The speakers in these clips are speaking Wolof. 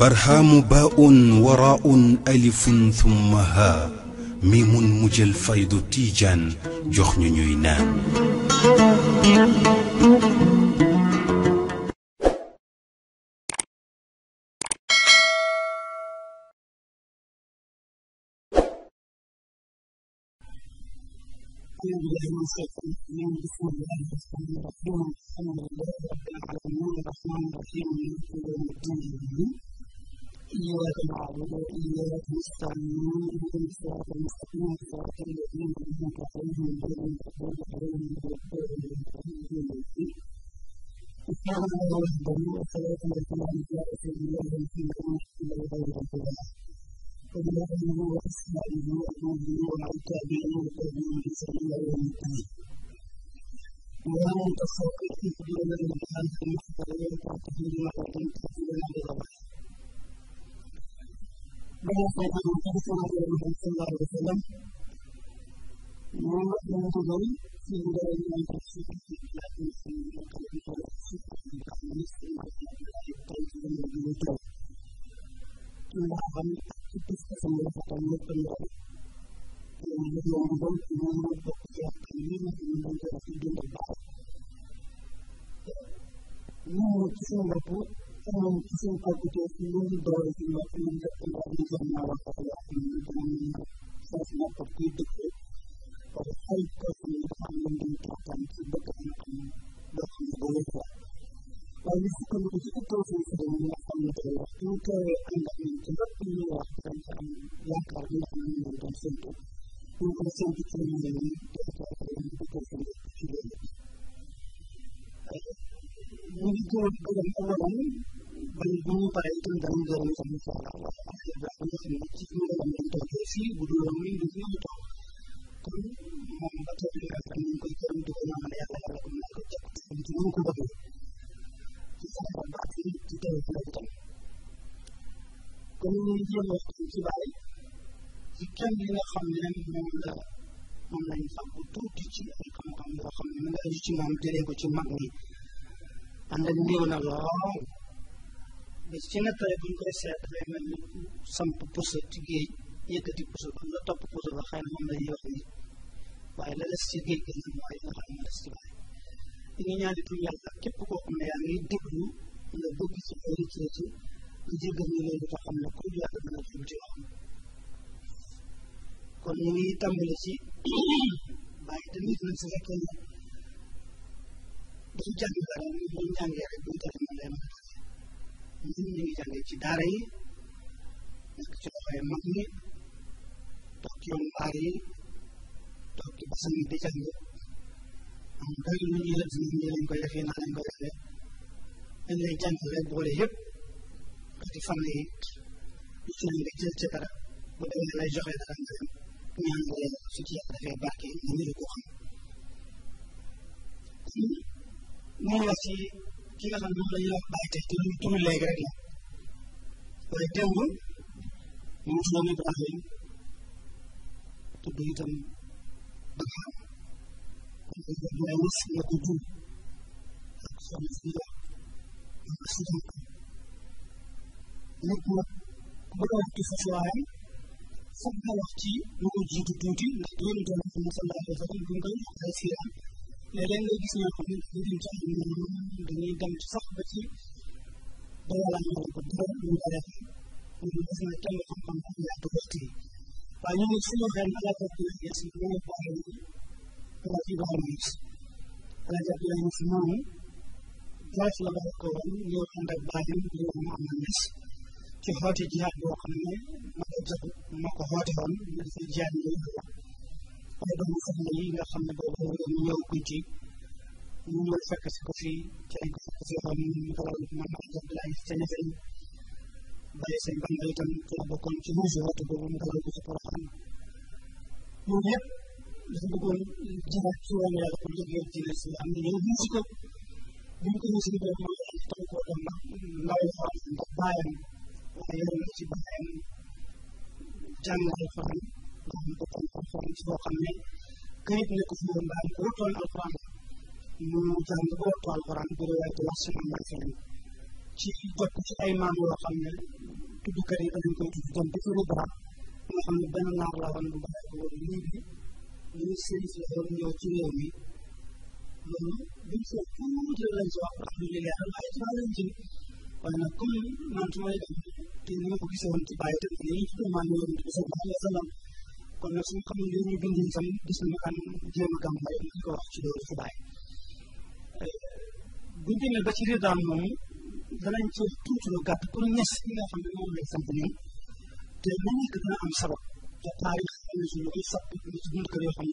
برهام باء وراء ألف ثم ها ميم مجل فيض تيجان جخن ñu بسم الله الرحمن الرحيم الحمد لله رب العالمين الرحمن الرحيم مالك يوم الدين إياك نعبد وإياك نستعين اهدنا الصراط المستقيم صراط الذين أنعمت عليهم غير المغضوب عليهم ولا الضالين السلام عليكم والصلاة والسلام على رسول الله الذي إلى غير الهدى وبلغه وأسمائه وأبوه وعن تابعين وتابعين بإحسان إلى يوم الدين ومن تصدق في قبول الامتحان في المحضر ويقع تهديد وعدم تهديد عند ضبعه bala ko am ci sallallahu alayhi wa sallam moom la ñu doon ci ñu doon ñu ko ci ci ci ci ci ci ci ci suñu suñu compétence yi ñu ngi doole ci ñoom ñu ngi def ko ndax ñu gën a wax ak yoo xam ne dinañ leen sas nekk ak kuy dëkk parce que ay personnes yi dafa am lu ñu taataan ci bëgg am am loo xam ne bu wér la waaye ñu sukkandiku ci autosource bi nga xam ne tey wax ñu koy ànd ñu soxla wala affaire bi am na ci lu la ñu toogee fii bu dul woon du ñu toog kon moom ba tey ñu ak ñu koy gërëm di ko ñaanal yàlla yàlla ko mën ko jàpp ci ci ñu ko bëggee ci saxal ba ci ci teew ci la itam kon ñu ngi jéem waxtaan ci bàyyi ci kenn li nga xam ne moom la moom lañ fàgg tuuti ci ay xam-xam yoo xam ne mën nga aju ci moom jëlee ko ci mag ñi ànd ak néew na lool ci ne pare bu ñu koy seet day mel ni samp puso ci géej yëkkati puso ba topp puso ba xëy moom la ñuy wax waaye la des ci géej gi nag mooy nga képp koo xam ne yaa ngi déglu nga bëgg ci ay retraité nga jéggal ñu loolu xam ne ku yàlla dana jublu ci kon ñu ngi tàmbali ci bàyyi dafa jàng dara ñu doon jàngee rek bu ñu jàngee mën ñun ñu ngi jàngee ci daara yi nekk ci loxoy mag ñi toog ci yoonu baar yi toog ci basan yi di jàng koy defee naa lañ koy defee dañ lay boole yëpp nga jël ci dara bu demee lay joxe dara nga ñaan nga su ci yàlla defee barke nga niru ko xam. ya Kiinassa meillä ei ole päihteitä, niin tuli leikerillä. Vaikka on, niin Suomi pääsee. Tuli tämän vähän. Vaikka on ollut sinne kutu. Se on sitä. Vaikka sitä. Nyt mä kuulokki sosiaalinen. Samaan lahti, nuo jutut tuntiin, näin tuon tuon, kun sanotaan, että on kuinka yhtä asiaa. léeg-léeg gis ñoo xam ne dañuy dem sax ba ci ba yàlla ñoo ko dara ñu ko def ñu ne gis naa kenn xam-xam ak yaatu waxtu yi waaye ñu ne suñu xel na la fekk na yes ñu ne ko ay laaj yu baax lañ ci laaj ak lañ ci moom jaay la baax ko woon ko jagu ma ko xoote woon mu waaye doomu ne boobu réew mi ñëw guñ ci ñu ñëw fekk si ko fii ci fekk si xool ñun ñu ko waral man ak Abdoulaye ca ñefeñ bàyyi seen bànda itam ci la bokkoon ci muusi woote boobu mu dalal ko ci Porokhane ñun ñëpp dafa nga xam bokkoon alxuraan ci foo xam ne këyit nekk fu woon daal wutoon alxuraan mu jàng ba wattu alxuraan bu rewaati wax si man ci jot ci ay maam yoo xam ne tuddkat yi dañu koy tudd dem ba ci Ribra nga xam ne benn naar la woon bu baax ko woon lii bi ñu sérif la woon ñëw ci réew mi loolu buñ foof tuuti lañ si wax ndax lu ñu leeral ay ci lañ ci waaye nag comme man su may dem te ñu ko gisoon ci bàyyi tamit nii ci domaan yoon bi sallallahu alayhi wa sallam kon nag suñu xamoon yooyu ñu bind yi tam gis nañu am jéem a ñu ko wax ci loolu xibaay eh, buñ demee ba ci ridaam moom danañ ci tuuti lu gàtt pour ñes yi nga xam ne moom lay samp nii te lu nekk dana am sabab te taarix am na ci lu ay sab ñu ci lool waaye danañ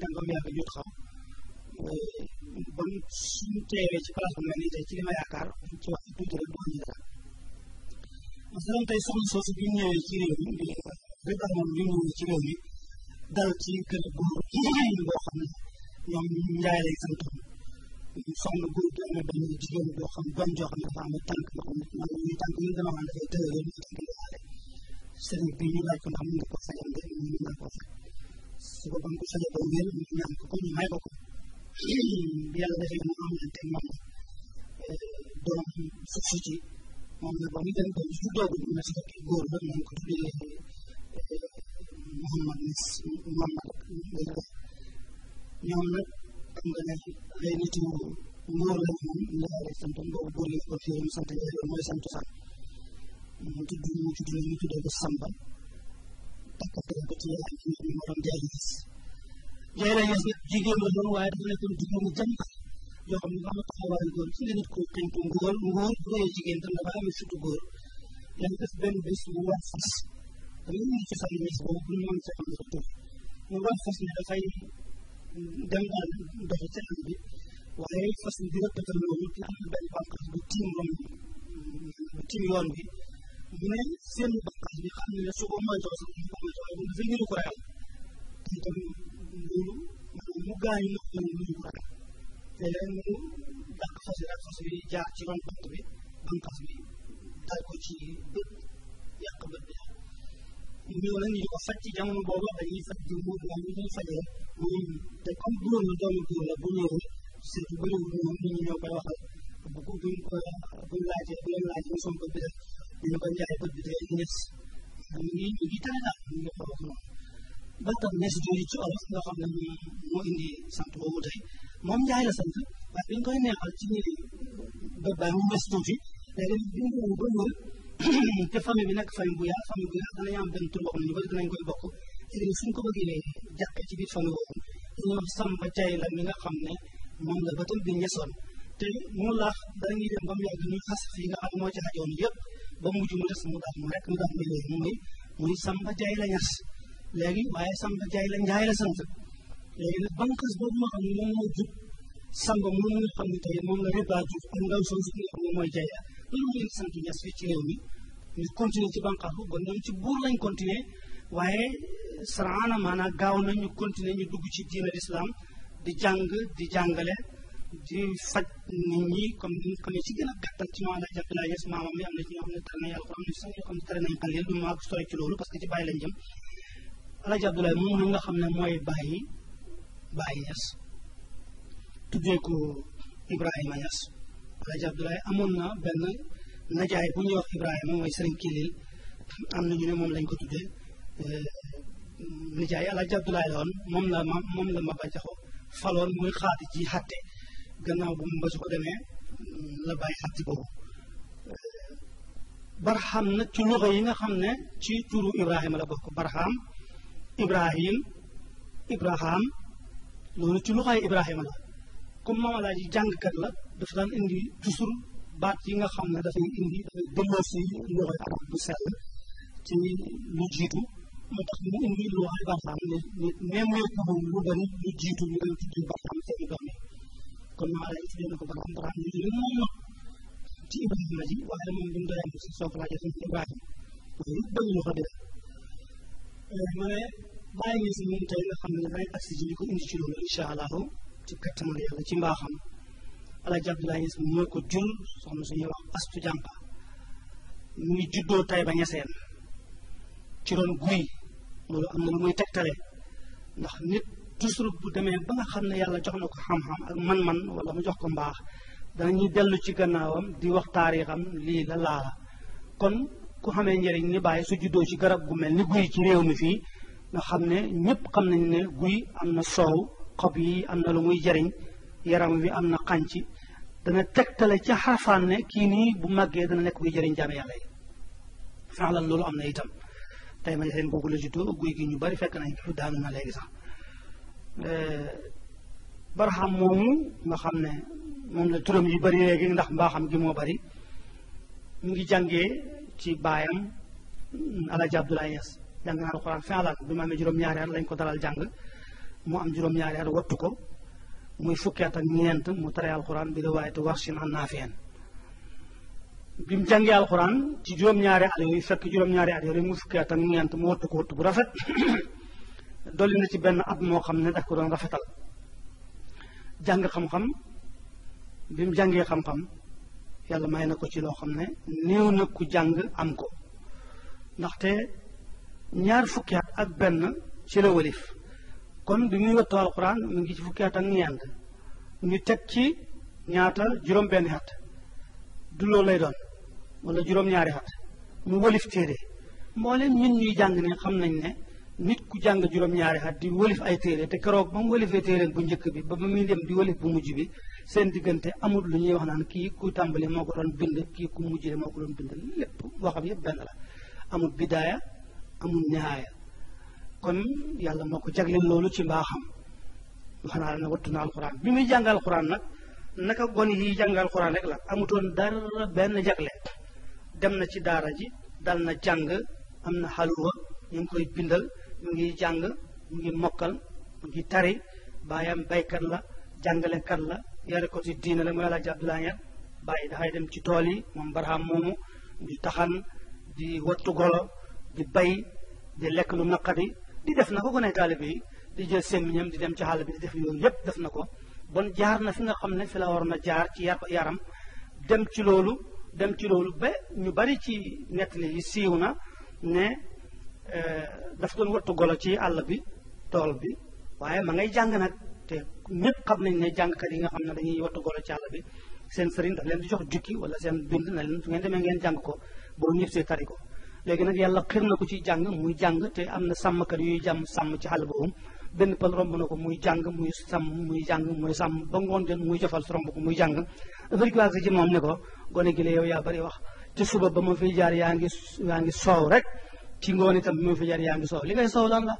dem ba mu jot xam eh, bon suñu teewee ci place bu nii tey ci li yaakaar ci wax tuuti rek masalan tey soxna soosu bi mu ñëwee ci réew mi bi damoon bi mu ñëwee ci réew mi dal ci kër góor boo xam ne ñoom njaay lay santoon soxna góor gi amee benn jigéen boo xam doom joo xam ne dafa amee tànk boo xam ne man ñu tànk yi dama xam dafay tëral ñu tànk yi xaale sëriñ bi ñu laaj ko ndax mën nga ko fayal nga ñu mën naa ko fay su ko bam ko fayee ba wér ñu ñaan ko ko ñu may ko ko yàlla defee mu am leen teg moom eh, doom suuf ci moom la ba muy dem ba su doogu université góor ba ñu ko tuddee Mouhamad Niass Mouhamad Niass ñoom nag xam ne ay nit yu ngóor la moom ndaare santam boobu góor lañ ko fiyoon sant yàlla mooy sant sax mu tudd mu tudd la ñu tuddee yow mi xama taxawaay góor ci ngeen ko tënk ngóor ngóor bu dee jigéen tam dafa am sutu góor dañ def benn bis mu war fas dama ñu ci xam bis boobu bu mën ci xam ko tur mu war fas ne dafay dem daal dox ci am bi waaye fas bi rëppatal loolu ci am benn bànqaas bu tiim rom bu tiim yoon bi mu ne seen bànqaas bi xam ne su ko moytoo sax mu ko moytoo waaye bu dafay niru ko rayal te itam loolu mu gaañ nopp ñu ko rayal léeg-léeg mu dàq fas yi rek fas bi jaar ci ron bant bi bànqaas bi dal ko ci bët yàq bët bi ñu ñëw nag ñu ko faj ci jamono boobu dañuy faj di muur moom ñu ñuy fajee moom te comme góor la doomu góor la bu ñëwul surtout bëriwul ñoom nit ñi ñoo koy waxal bu ko buñ ko buñ laajee bu leen laajee moom bët bi rek ñu ko njaay bët bi day nees ñu ngi ñu ngi tane daal ñu ngi ko wax noonu ba tam nees jooju ci olof nga xam ne moo indi sant boobu tey mondiale sanki waaye dañ koy neexal ci ñi ba ba mu mës tuuti léegi dañ koy ba ñëw te famille bi nekk famille bu yaa famille bu yaa danañ am benn tur boo xam ne ñu bëri danañ koy bokk léegi suñ ko bëggee jàkk ci biir famille boobu dañoo am samba jaay la mi nga xam ne moom la ba bi ñesoon te mu laax dañuy dem ba mu yàgg ñu xas fi nga xam moo ci xajoon yëpp ba mujj mu des mu daal mu rek mu daal muy muy muy samba jaay la ñas léegi waaye samba jaay la njaay la sant léegi nag bànqaas boobu ma xam ne moom moo jub samba moom nga xam ne tey moom la Reba Diouf ak ndaw soosu moo leen sant ñas ci réew mi ñu ci bànqaas boobu kon ci buur lañ continuer waaye maanaa gaaw na continuer ñu dugg ci diina lislaam di jàng di jàngale di faj nit ñi comme ci gën a gàttal na ci ñoo xam am xam ne tere nañ xalil du loolu parce que ci bàyyi lañ jëm Alaaji Abdoulaye moom nga xam ne mooy bàyyi Baay Ñas tuddee ko Ibrahima Ñas Alaaji Abdoulaye amoon na benn najaay bu ñuy wax Ibrahima mooy na ñu ne moom lañ ko tuddee euh, nijaay Alaaji Abdoulaye la moom la ma moom la Maba Jaxu faloon muy xaati ji xatte gannaaw bu mu ba ko demee la bàyyi xatti boobu euh, barxam nag ci yi nga xam ne ci turu Ibrahima la bokk barxam Ibrahim Ibraham loolu ci loxaay Ibrahima la comme Maam Alaaji jàngkat la dafa daan indi toujours baat yi nga xam ne dafay indi dafay delloo si bu sell ci lu jiitu moo tax mu indi lu bari lu jiitu ñu doon tuddee barxaam seeni la ji waaye moom bi mu doon si soog laajee tamit Ibrahima waaye bëri loxo def euh, ma ne bàyyi ngeen si ñun tey nga xam ne ne bàyyi taxi ji li ko indi ci loolu incha allahu ci kattanal yàlla ci mbaaxam alaaji ko jur soxna suñuy wax astu jàmpa mu ngi juddoo tay ba ñeseen ci ron guy loolu am na lu muy tegtale ndax nit toujours bu demee ba nga xam ne yàlla jox na xam-xam ak man-man wala mu jox ko da danañuy dellu ci gannaawam di wax taarixam lii la laala kon ku xamee njëriñ ni bàyyi su juddoo ci garab gu mel ni guy ci réew mi fii nga xam ne ñépp xam nañ ne guy am na soow xob yi am na lu muy jariñ yaram wi am na xànc dana tegtale ca xarafaan ne kii nii bu màggee dana nekk buy jariñ jaam yàlla yi faalan loolu am na itam tey ma seen guy gi ñu bari fekk nañ fi daanu na léegi sax euh, moomu nga xam ne moom la turam yu bari léegi ndax mbaaxam gi moo bari mu ngi jàngee ci baayam Alaaji Abdoulaye Niass jàng na alxuraan fin la bi mu amee ko dalal jàng mu am juróom-ñaari at wattu ko muy fukki at ak ñeent mu tare alxuraan bi riwaayati Wahshin an Naafi'in bi mu jàngee alxuraan ci juróom-ñaari at yooyu fekk juróom-ñaari at ñeent mu wattu bu rafet dolli na ci benn at moo xam ne daf ko doon rafetal jàng xam-xam bi mu jàngee xam-xam yàlla may na ko ci loo xam ne néew na ku jàng am ko ndaxte ñaar fukki at ak benn ci la walif kon bi muy wattu alquran mu ngi ci fukki at ak ñeent ñu teg ci ñaata juróom-benni at du loolu lay doon wala juróom-ñaari at mu walif téere mboolem ñun ñuy jàng ne xam nañ ne nit ku jàng juróom-ñaari at di walif ay téere te keroog ba mu walifee téere bu njëkk bi ba ba muy dem di walif bu mujj bi seen diggante amul lu ñuy wax naan kii ku tàmbali moo ko doon bind kii ku mujj moo ko doon bind lépp boo yëpp benn la amul amul nihaaya kon yàlla moo ko jagleel loolu ci mbaaxam wax naa la ne wattu na alquran bi muy jàng alquran nag naka gon yi jàng alquran rek la amutoon dara benn jagle dem na ci daara ji dal na jàng am na xaluwa ñu ngi koy bindal mu ngi jàng mu ngi mokkal mu ngi tari baayam baykat la jàngalekat la yare ko ci diina la mu yàlla jàddulaañat bàyyi dafay dem ci tool yi moom barham moomu di taxan di wattu golo di bay di lekk lu naqari di def na ko gone taalibe yi di jël sémmiñam di dem ci xàll bi di def yooyu yépp def na ko bon jaar na fi nga xam ne fi la waroon a jaar ci yar yaram dem ci loolu dem ci loolu ba ñu bari ci nettali yi siiw na ne euh, daf doon wattu golo ci àll bi tool bi waaye ma ngay jàng nag te ñëpp xam nañ ne jàngkat yi nga xam ne dañuy wattu golo ci àll bi seen sëriñ daf leen di jox jukki wala seen bind na leen su ngeen demee ngeen jàng ko boo léegi nag yàlla xir na ko ci jàng muy jàng te am na sàmmkat yuy jàmm sàmm ci xàll boobu benn pël romb na ko muy jàng muy sàmm muy jàng muy sàmm ba ngoon jot muy jofal romb ko muy jàng dafa dikk ci moom ne ko gone gi la yow yaa bari wax ci suba ba ma fiy jaar yaa ngi yaa ngi soow rek ci ngoon itam bi ma fiy jaar ngi soow li ngay soow lan la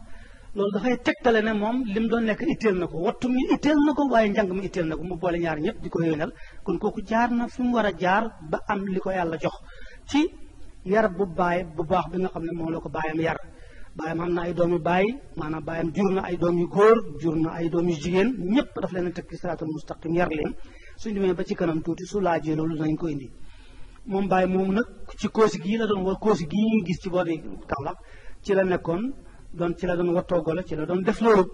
loolu dafay tegtale ne moom lim doon nekk itteel na ko wattu mi itteel na ko waaye njàng mi itteel na ko mu boole ñaar ñëpp di ko yéenal kon kooku jaar na fi mu war a jaar ba am li ko yàlla jox ci yar bu baay bu baax bi nga xam ne moom la ko baayam yar baayam am na ay doom yu baay maanaam baayam jur na ay doom yu góor jur na ay doom yu jigéen ñëpp daf leen a tekki siraatul mustaqim yar leen suñ demee ba ci kanam tuuti su laajee loolu nañ ko indi moom baay moom nag ci koosi gii la doon war koosi gii ñuy gis ci boori Kaolack ci la nekkoon doon ci la doon wattoo golo ci la doon def loolu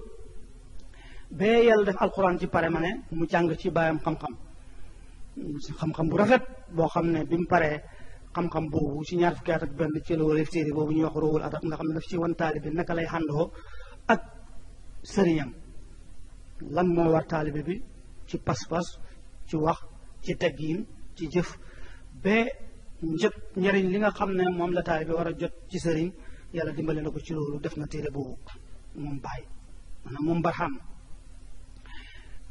ba yàlla def alxuraan ci pare ma ne mu jàng ci baayam xam-xam bu rafet boo xam ne bi mu xam-xam bobu ci ñaar fi at ak ben ci la wolé séri bobu ñu wax roowul adab nga xam ne daf ci won talib bi naka lay xàndoo ak sëriñam lan mo war talib bi ci pass pass ci wax ci teggin ci jëf be njëkk ñariñ li nga xam ne moom la talib bi war jot ci sëriñ yàlla dimbale nako ci loolu def na téere boobu moom bàyyi maanaam moom barxam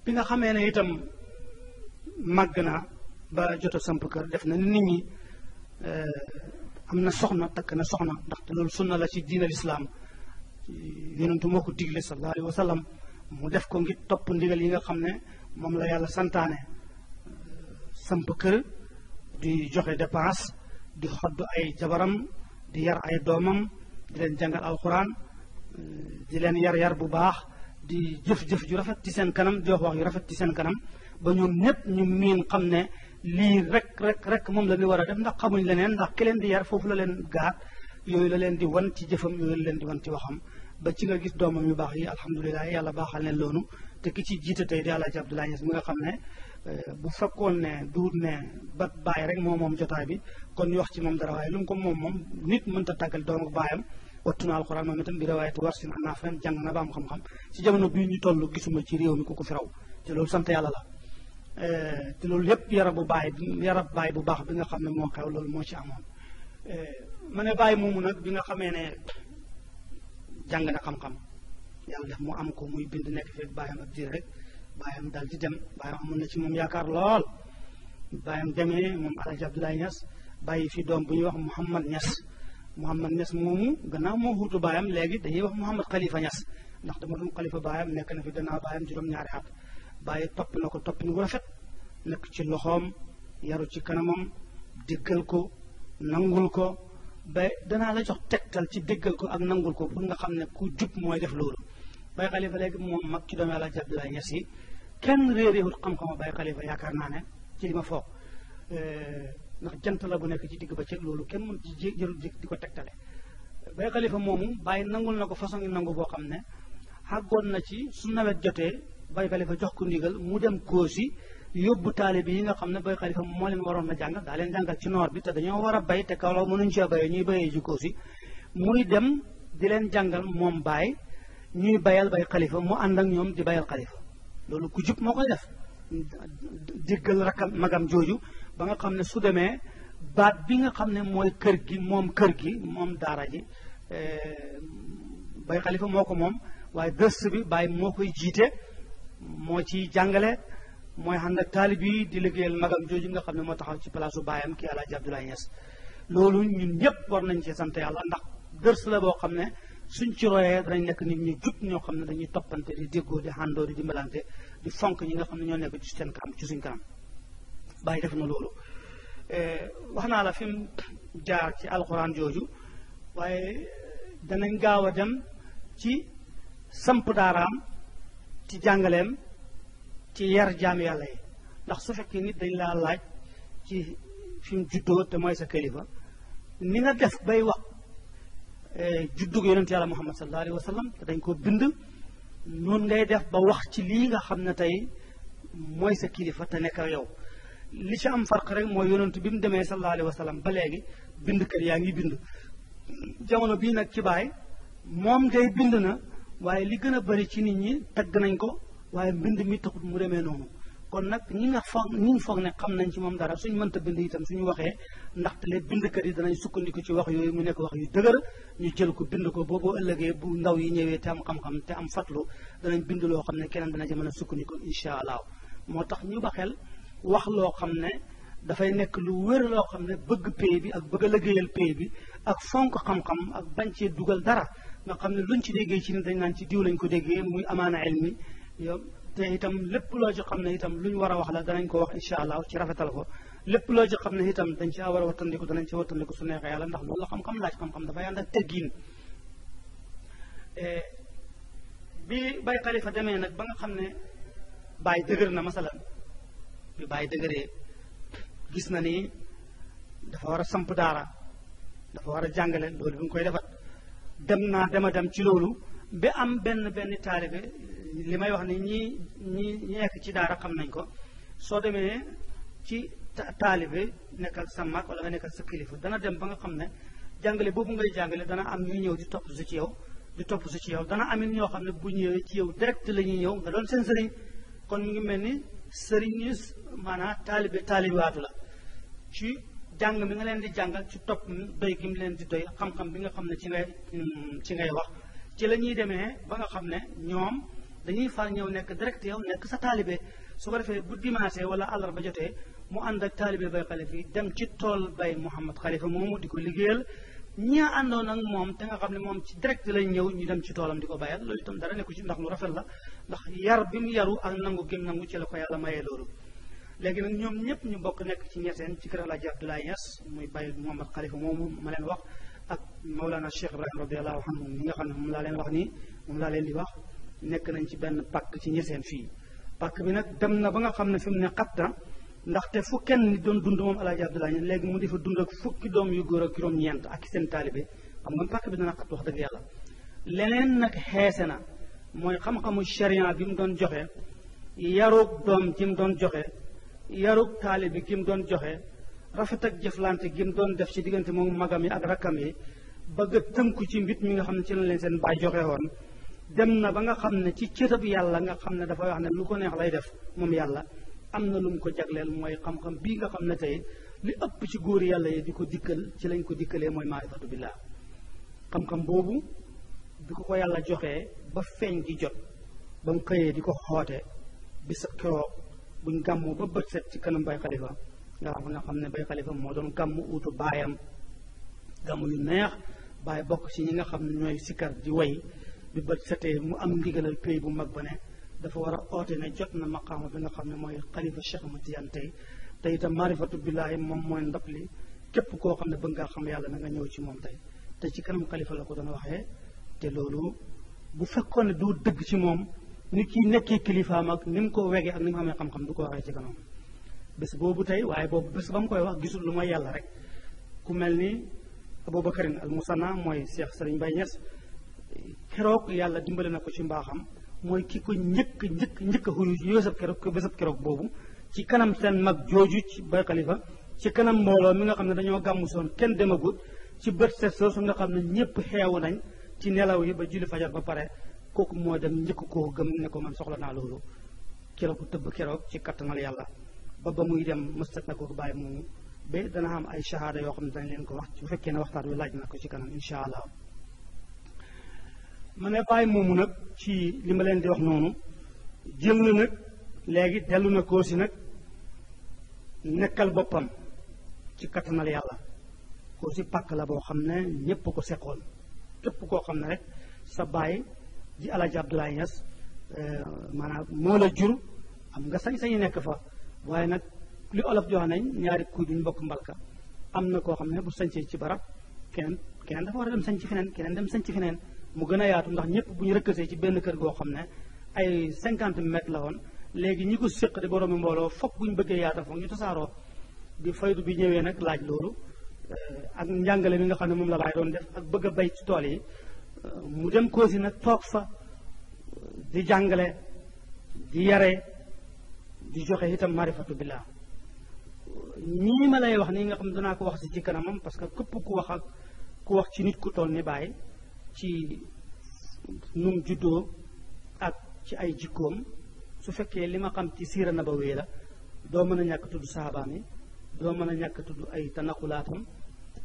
bi nga xamé ne itam magna ba jot samp kër def na nit ñi Euh, am na soxna takk na soxna ndaxte loolu sunna la ci diinal islaam yonentu moo ko digle sallallahu alayhi wa mu def ko ngir topp ndigal yi nga xam ne moom la yàlla santaane euh, samp kër di joxe dépense di xodd ay jabaram di yar ay doomam di leen jàngal alxuraan euh, di leen yar yar bu baax di jëf-jëf ju rafet ci seen kanam di wax wax yu rafet ci seen kanam ba ñoom ñépp ñu miin xam ne lii rek rek rek moom la ñu war a def ndax xamuñ leneen ndax ki leen di yar foofu la leen gaat yooyu la leen di wan ci jëfam yooyu la leen di wan ci waxam ba ci nga gis doomam yu baax yi alhamdulilah yàlla baaxal leen loonu te ki ci jiite tey di Alaaji Abdoulaye Niass mi nga xam ne euh, bu fekkoon ne duut ne ba baay rek moo moom jotaay bi kon ñu wax ci moom dara waaye lu mu ko moom moom nit mënta tàggal doom ak baayam wattu na alxuraan moom itam bi riwaayatu warsin an Naafi' jàng na ba am xam-xam ci jamono bii ñu toll gisuma ci réew mi ko fi raw te loolu sant yàlla la Euh, te loolu yépp yarabu baay yarab baay bu baax bi nga xam ne moo xew loolu moo ci amoon euh, ma ne baay moomu nag bi nga xamee ne jàng na xam-xam yàlla def mu am ko muy bind nekk fekk baayam ak diir rek baayam dal di dem baayam amoon na ci moom yaakaar lool baayam demee moom alaji Abdoulaye Niass bàyyi fi doom bu ñuy wax Mouhamad Niass Mouhamad Niass moomu gannaaw moo xuutu baayam léegi dañuy wax Mouhamad Khalifa Niass ndax dama doon Khalifa baayam nekk na fi gannaaw baayam juróom-ñaari at bàyyi topp na ko toppin gu rafet nekk ci loxoom yaru ci kanamam déggal ko nangul ko ba danaa la jox tegtal ci déggal ko ak nangul ko pour nga xam ne ku jub mooy def loolu Baye Khalifa léegi moom mag ci doomu Alaaji Abdoulaye Niass yi kenn réeréewut xam-xamu Baye Khalifa yaakaar naa ne ci li ma foog euh, ndax jant la bu nekk ci digg ba ci loolu kenn mën ci jël di ko tegtale Baye Khalifa moomu bàyyi nangul na ko façon yu nangu boo xam ne xàggoon na ci su nawet jotee bay xalifa jox ko ndigal mu dem koosi yóbbu taalibe yi nga xam ne bay xalifa moo leen waroon a jàngal daa leen jàngal ci noor bi te dañoo war a bay te Kaolack mënuñ cee bayee ñuy bayee ji koosi muy dem di leen jàngal moom baay ñuy bayal bay xalifa mu ànd ak ñoom di bayal xalifa loolu ku jub moo koy def diggal rakkam magam jooju ba nga xam ne su demee baat bi nga xam ne mooy kër gi moom kër gi moom daara ji eh, bay xalifa moo ko moom waaye gëstu bi moo koy jiite moo ci jàngale mooy ànd ak taalib yi di liggéeyal magam jooju nga xam ne moo taxaw ci palaasu baayam ki Alaaji Abdoulaye Niass loolu ñun ñëpp war nañ ci sant yàlla ndax dërs la boo xam ne suñ ci royee danañ nekk nit ñi jub ñoo xam ne dañuy toppante di déggoo di àndoo di dimbalante di fonk ñi nga xam ne ñoo nekk ci seen kanam ci suñ kanam bàyyi def na loolu eh, wax naa la fi jaar ci alxuraan jooju waaye danañ gaaw a dem ci samp daaraam ci jàngaleem ci yar jaam yàlla yi ndax su fekkee nit dañ laa laaj ci fi juddoo te mooy sa kilifa ni nga def bay wax e, juddug yonent yàlla muhammad sallallahu alayhi te dañ ko bind noonu ngay def ba wax ci lii nga xam ne tey mooy sa kilifa te nekk yow li ci am farq rek mooy yonent bi mu demee sallallahu alayhi ba léegi bind kër yaa ngi bind jamono bii nag ci baay moom day bind na waaye li gën a bari ci nit ñi tagg nañ ko waaye mbind mi taxut mu demee noonu kon nag ñi nga foog ñi ñu foog ne xam nañ ci moom dara suñ mënta bind itam suñu waxee ndaxte le bindkat yi danañ sukkandiku ci wax yooyu mu nekk wax yu dëgër ñu jël ko bind ko boobu ëllëgee bu ndaw yi ñëwee te am xam-xam te am fatlu danañ bind loo xam ne keneen dana ci mën a sukkandiku incha allah moo tax ñu baxel wax loo xam ne dafay nekk lu wër loo xam ne bëgg pay bi ak bëgg a bi ak fonk xam ak bañ cee dugal dara nga xam ne luñ ci déggee ci ni dañ naan ci diw lañ ko déggee muy amaana ilmi yow te itam lépp loo ci xam ne itam lu ñu war a wax la danañ ko wax incha allah ci rafetal ko lépp loo ci ne itam dañ ci war a wattandiku danañ ci wattandiku su neexee yàlla ndax loolu la xam-xam laaj xam-xam dafay ànd ak tëggiin eh, bi bay xalifa demee nag ba nga xam ne baay dëgër na masalan bi bàyyi dëgëree gis na ni dafa war a samp daara dafa war a jàngale loolu bi nga koy defat dem naa dema dem ci loolu ba am benn benn taalibe li may wax ni ñi ñi ñi nekk ci daara xam nañ ko soo demee ci taalibe nekk ak sa mag wala nga nekk ak sa kilifa dana dem ba nga xam ne jàngale boobu ngay jàngale dana am ñu ñëw di topp su ci yow di topp su ci yow dana amit ñoo xam ne bu ñëwee ci yow direct la ñuy ñëw nga doon seen sëriñ kon mu ngi mel ni sëriñ maanaam taalibe taalibaatu la ci jàng mi nga leen di jàngal ci topp doy gi mu leen di doy xam-xam bi nga xam ne ci ngay mm, ci ngay wax ci la ñuy demee ba nga xam ne ñoom dañuy far ñëw nekk direct yow nekk sa taalibe su ko defee bu dimanche wala ba jotee mu ànd ak taalibe bay xalifa yi dem ci tool bay Mouhamed xalifa moomu di ko liggéeyal ñi àndoon ak moom te nga xam ne moom ci direct lañ ñëw ñu dem ci toolam di ko bayal loolu itam dara nekku ci ndax lu rafet la ndax yar bi mu yaru ak nangu gim nangu ci la ko yàlla mayee loolu léegi nag ñoom ñëpp ñu bokk nekk ci ñeseen ci kër Alaaji Abdoulaye Niass muy bàyyi Mouhamad Khalifa moomu ma leen wax ak Maulana Cheikh Ibrahim radiallahu anhu mi nga xam ne moom laa wax nii moom laa leen di wax nekk nañ ci benn pàkk ci ñeseen fii pàkk bi nag dem na ba nga xam ne fi mu ne xat ndaxte fu kenn nit doon dund moom Alaaji Abdoulaye Niass léegi mu di fa dund ak fukki doom yu góor ak juróom-ñeent ak seen taalibe xam nga pàkk bi dana xat wax dëgg yàlla leneen nag xeese na mooy xam-xamu sharia bi mu doon joxe yaroog doom ji mu doon joxe yarug taalibe gi mu doon joxe rafet ak jëflante gi mu doon def ci diggante moom magam yi ak rakkam yi bëgg a ci mbit mi nga xam ne ci la leen seen baay joxe woon dem na ba nga xam ne ci cëtëb yàlla nga xam ne dafay wax ne lu ko neex lay def moom yàlla am na lu mu ko jagleel mooy xam-xam bii nga xam ne tey li ëpp ci góor yàlla yi di ko dikkal ci lañ ko dikkalee mooy maarifatu billah xam-xam boobu bi ko ko yàlla joxee ba feeñ gi jot ba mu di ko xoote bi buñ gàmmoo ba bët set ci kanam bay xalifa nga xam ne xam ne bay xalifa moo doon gàmm uutu baayam gàmm yu neex bàyyi bokk ci ñi nga xam ne ñooy sikkar di way bi bët setee mu am ndigalal pay bu mag ba ne dafa war a oote ne jot na maqaama bi nga xam ne mooy xalifa Cheikh Ahmad tey te itam maarifatu billaahi moom mooy ndab li képp koo xam ne bëgg ngaa xam yàlla na nga ñëw ci moom tey te ci kanam xalifa la ko doon waxee te loolu bu fekkoon doo dëgg ci moom nit ki nekkee kilifaam ak ni mu ko wegee ak ni mu amee xam-xam du ko waxee ci kanam bés boobu tey waaye boobu bés ba mu koy wax gisul lu mooy yàlla rek ku mel ni Aboubacarin al Musanna mooy Cheikh Serigne Baye Niass keroog yàlla dimbali na ko ci mbaaxam mooy ki ko njëkk njëkk njëkk a xuruj yoosab keroog bésab keroog boobu ci kanam seen mag jooju ci Baye Khalifa ci kanam mbooloo mi nga xam ne dañoo gàmmu soon kenn demagut ci bët set soosu nga xam ne ñëpp xeewu nañ ci nelaw yi ba julli fajar ba pare kooku moo dem njëkk koo gëm ne ko man soxla naa loolu ci ko tëbb keroog ci kattanal yàlla ba ba muy dem mëstat na ko bàyyi moomu ba dana am ay shahada yoo xam ne danañ leen ko wax bu fekkee ne waxtaan wi na ko ci kanam incha allah ma ne bàyyi nag ci li leen di wax noonu jël na nag léegi dellu na koo si nag nekkal boppam ci kattanal yàlla koo pàkk la boo xam ne ñépp ko seqoon képp koo xam ne rek sa bàyyi di El Hadj Abdoulaye Niass euh, maanaam moo la jur am nga sañ-sañu nekk fa waaye nag li olof jox nañ ñaari kuy duñ bokk mbalka am na koo xam ne bu sañcee ci barab keneen keneen dafa war a dem sañ ci feneen keneen dem sañ ci feneen mu gën a yaatu ndax ñëpp bu ñu rëkkasee ci benn kër goo xam ne ay 50 mètres la woon léegi ñi ko séq di boroomi mbooloo foog bu ñu bëggee yaata foog ñu tasaaroo bi faydu bi ñëwee nag laaj loolu euh, ak njàngale mi nga xam ne moom la bàyyi def ak bëgg a bay tool yi mu dem Kossy nag toog fa di jàngale di yare di joxe itam marifatu billah ñii ma lay wax nii nga xam danaa ko wax si ci kanamam parce que képp ku wax ak ku wax ci nit ku toll ni Baye ci num juddoo ak ci ay jikkoom su fekkee li ma xam ci siira nabawi la doo mën a ñàkk tudd saabaam yi doo mën a ñàkk tudd ay tanaqulaatam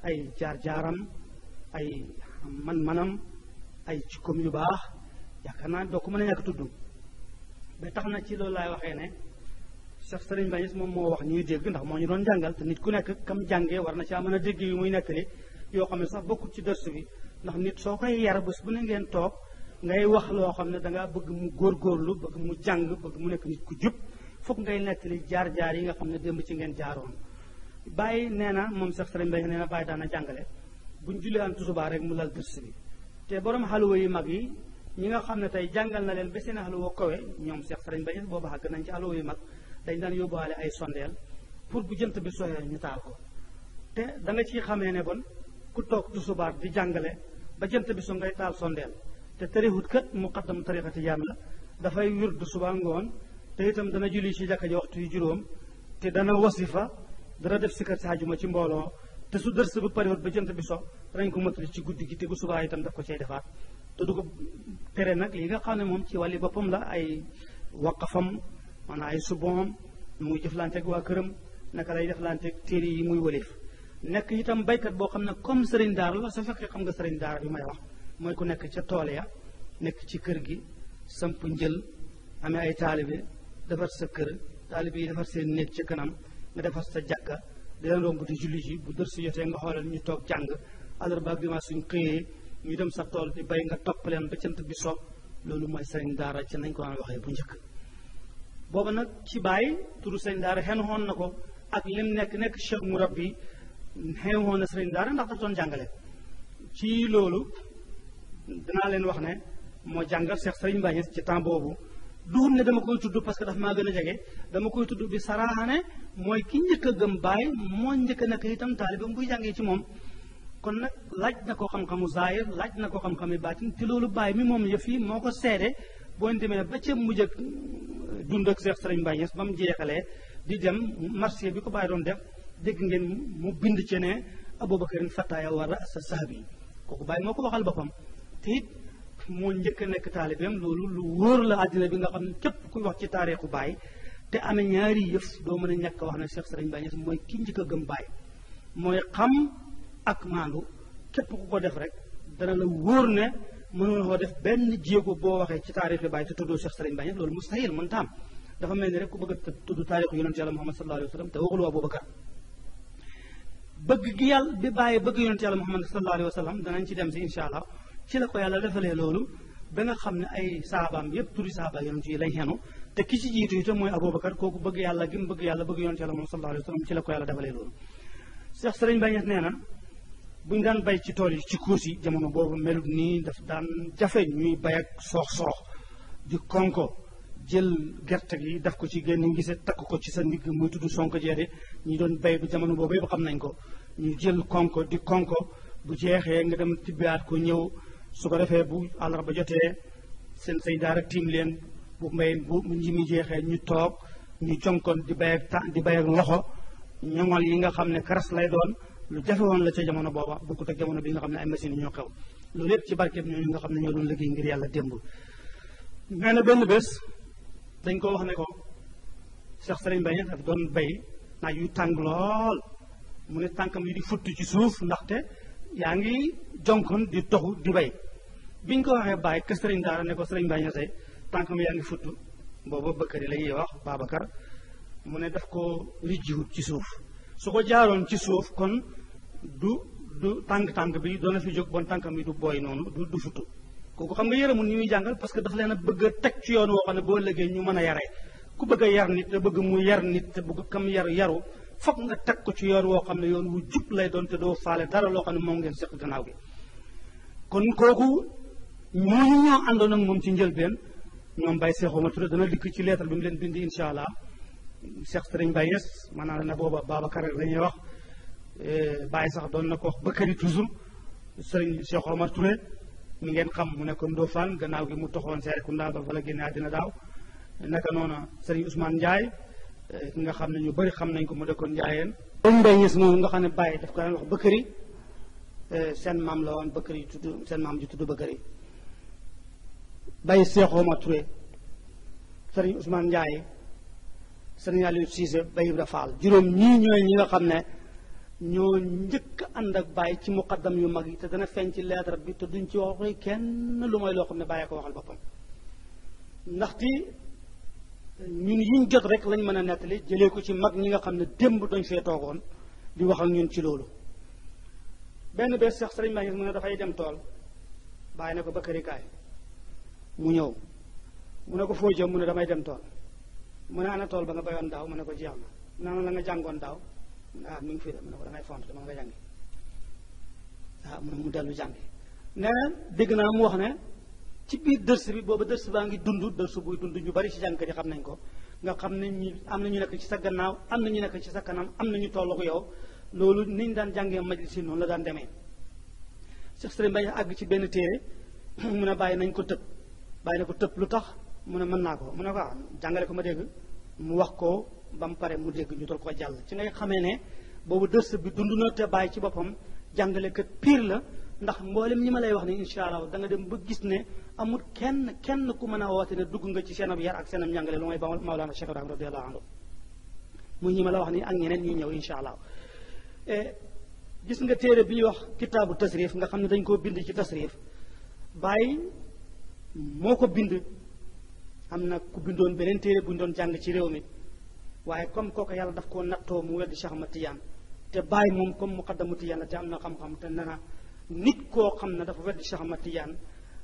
ay jaar-jaaram ay man-manam ay comme yu baax yaakaar naa doo ko mën a ñàkk tudd ba tax na ci loolu laay waxee ne seriñ Sëriñ Bañes moom moo wax ñuy dégg ndax moo ñu doon jàngal te nit ku nekk kam jàngee war na caa mën a dégg yu muy nettali yoo xam ne sax bokkul ci dërs bi ndax nit soo koy yar bés bu ne ngeen toog ngay wax loo xam ne dangaa bëgg mu góor góorgóorlu bëgg mu jàng bëgg mu nekk nit ku jub foog ngay nekk li jaar-jaar yi nga xam ne démb ci ngeen jaaroon bàyyi nee na moom Cheikh Sëriñ Bañes nee na bàyyi daana jàngale buñ jullee an tusubaa rek mu lal dërs bi te borom xaluwa yu mag yi ñi nga xam ne tey jàngal na leen ba seen xaluwa kowe ñoom Cheikh Sëriñ Bañes booba xàgg nañ ci xaluwa yu mag dañ daan yóbbuwaale ay sondeel pour bu jënt bi soxee ñu taal ko te da ci xamee ne bon ku toog tusubaar di jàngale ba jënt bi su ngay taal sondeel te tarixut kat muqaddam tarixa tijaan la dafay wirdu suba ngoon te itam dana julli ci jàkka ji waxtu yu juróom te dana wasifa dana def si sikkat saajuma ci mbooloo te su dërs bu pariwut ba jënt bi so danañ ko mottali ci guddi gi te bu subaa itam daf ko cay defaat te du ko pere nag li nga xam ne moom ci wàlli boppam la ay waqafam maanaam ay subonam muy jëflanteeg waa këram naka lay jëflanteeg téere yi muy wëleef nekk itam baykat boo xam ne comme sëriñ daar la sa fekkee xam nga sëriñ daar bi may wax mooy ko nekk ca tool ya nekk ci kër gi samp njël amee ay taalibe defar sa kër taalibe yi defar seen néeg ci kanam nga defar sa jàkka di leen romb di julli ji bu dër si yotee ñu toog jàng àllarba ak ma suñ xëyee ñu dem sa tool di bay nga top leen ba cënt bi sopp loolu mooy sëriñ daara ci nañ ko am waxe bu njëkk booba nag ci bàyyi turu sëriñ daara xen xoon na ko ak lim nekk nekk cheikh murabbi xen xoon na sëriñ daara ndax da doon jàngale ci loolu danaa leen wax ne moo jàngal Cheikh Sëriñ Mbaye ci temps boobu duut ne dama koy tudd parce que daf maa gën a jege dama koy tudd bi saraxane mooy ki njëkk a gëm baay moo njëkk a nekk itam taalibam buy jàngee ci moom kon nag laaj na ko xam-xamu zaahir laaj na ko xam-xamu baatin te loolu baay mi moom yëf yi moo ko seede boo demee ba ca mujj ak euh, dund ak Seex Sëriñ Baay Ñas ba mu di dem marché bi ko bàyyi doon def dégg ngeen mu bind ci ne Abubakarin Fataaya wa rasa sahbi kooku bàyyi moo ko waxal boppam te it moo njëkk a nekk taalibeem loolu lu wóor la àddina bi nga xam ne képp kuy wax ci taarixu baay te amee ñaari yëf doo mën a ñàkk wax ne Seex Sëriñ Baay Ñas mooy ki njëkk a gëm baay mooy xam ak maandu képp ku ko def rek dana la wóor ne mënoo koo def benn jéego boo waxee ci taarixu Baay te tuddoo Cheikh Sëriñ Baay loolu mustahil mën taam dafa mel ni rek ku bëgg a tudd taarixu yonente yàlla Muhammad sallallahu alayhi wa sallam te waxuloo Abubakar bëgg bëgg yonente yàlla Muhammad sallallahu alayhi wa sallam danañ ci dem si incha allah ci la ko yàlla defalee loolu ba nga xam ne ay saabaam yépp turi saaba yonent yi lay xenu te ki ci jiitu itam mooy Abubakar kooku bëgg yàlla gi mu bëgg yàlla bëgg yonente yàlla Muhammad sallallahu alayhi wa sallam ci la ko bu ñu daan bay ci tool yi ci kuus jamono boobu melut nii daf daan jafe ñuy bay ak soox-soox di konko jël gerte gi daf ko ci génn ngise takk ko ci sa ndigg muy tudd sonko jeede ñu doon bay bu jamono boobu yëpp nañ ko ñu jël konko di konko bu jeexee nga dem tibbiaat ko ñëw su ko defee bu àllarba jotee seen say daara tiim leen bu mbay bu nji jeexee ñu toog ñu jonkoon di bay ak di bay ak loxo ñoŋol yi nga xam ne karas lay doon lu jafe la ca jamono booba bokkut ak jamono bi nga xam ne ay machines yi ñoo xew loolu yëpp ci barkeeb ñooñu nga xam ne ñoo doon liggéey ngir yàlla démb nee benn bés dañ koo wax ne ko Cheikh Sëriñ Baye daf doon bay naaj yu tàng lool mu tànkam yi di futt ci suuf ndaxte ngi jonkon di toxu di bay biñ ko waxee Baye ke Sëriñ Daara ko Sëriñ Baye ñasey tànkam yaa ngi futt booba Bakari la ñuy wax Babacar mu ne daf ko rijjiwut ci suuf suko ko jaaroon ci suuf kon du du tànk-tànk bi doona fi jóg bon tànkam yi du booy noonu du du futu kooku xam nga yërëmul ñi jangal jàngal parce que daf leen a bëgg a teg ci yoon woo xam ne boo lëggee ñu mën a ku bëgg a yar nit te bëgg mu yar nit te bëgg kam yar yaru foog nga teg ko ci yoon woo xam yoon wu jub lay doon te doo faale dara loo xam ne ngeen seq gannaaw gi kon kooku ñooñu ñoo àndoon ak moom ci njëlbeen ñoom bay seexuma ture dana dikk ci leetal bi mu leen bind allah Cheikh Sëriñ Baye Niass maanaam na booba Babacar la ñuy wax eh, Baye sax doon na ko wax Bakari toujours Sëriñ Cheikh Omar ngeen xam mu nekkoon Ndofane gannaaw gi mu toxoon Serekunda ba fa la génne àddina daaw naka noona Sëriñ Ousmane Ndiaye eh, ki nga xam ne ñu bëri xam nañ ko mu dëkkoon Ndiayeen Sëriñ Baye Niass moom nga xam ne Baye daf ko daan wax Bakari eh, seen maam la woon Bakari tudd seen ji tudd Bakari Baye Cheikh Omar Touré Serigne Aliou Cissé Baye Ibra Fall juróom ñii ñooy ñi nga xam ne ñoo njëkk ànd ak bàyyi ci muqaddam yu mag yi te dana feeñ ci lettre bi te duñ ci wax kenn lu mooy loo xam ne Baye ko waxal boppam ndaxte ñun yiñ jot rek lañ mën a nettali jëlee ko ci mag ñi nga xam ne démb dañ fee toogoon di wax ak ñun ci loolu benn bés sax Serigne Mahis mu ne dafay dem tool bàyyi ne ko ba kërikaay mu ñëw mu ne ko foo jëm mu ne damay dem tool mu ne ana tool ba nga bayoon daaw mu ne ko jeex na mu ne ana la nga jàngoon daaw mu ne ah mi ngi fi de mu ne ko damay font ah, dellu jàngi nee na dégg naa mu wax ne ci biir dërs bi boobu dërs baa ngi dund dërs buy dund ñu bari ci jàngkat yi xam nañ ko nga xam ne ñu am na ñu nekk ci sa gannaaw am na ñu nekk ci sa kanam am na ñu tollu ko yow loolu ni ñu daan jàngee majlis yi noonu la daan demee Cheikh Sëriñ Mbaye àgg ci benn téere mu ne bàyyi nañ ko tëb bàyyi na ko tëb lu tax mu ne mën naa ko mu ne ko ah jàngale ko ma dégg mu wax ko ba mu pare mu dégg ñu dal ko jàll ci ngay xamee ne boobu dërs bi dund na te bàyyi ci boppam jàngalekat piir la ndax mboolem ñi ma lay wax ni incha allah da dem ba gis ne amul kenn kenn ku mën a woote dugg nga ci seenam yar ak seenam njàngale lu mooy ba Mawlana Cheikh Ibrahim radiyallahu anhu mu ñi ma la wax ni ak ñeneen ñuy ñëw incha allah eh, gis nga téere bi ñuy wax kitaabu tasrif nga xam ne dañ koo bind ci tasrif bàyyi moo ko bind am na ku bindoon beneen téere bu doon jàng ci réew mi waaye comme kooku yàlla daf koo nattoo mu weddi Cheikh Ahmad Tidiane te bàyyi moom comme muqaddamu Tidiane la te am na xam-xam te nana nit koo xam ne dafa weddi Cheikh Ahmad Tidiane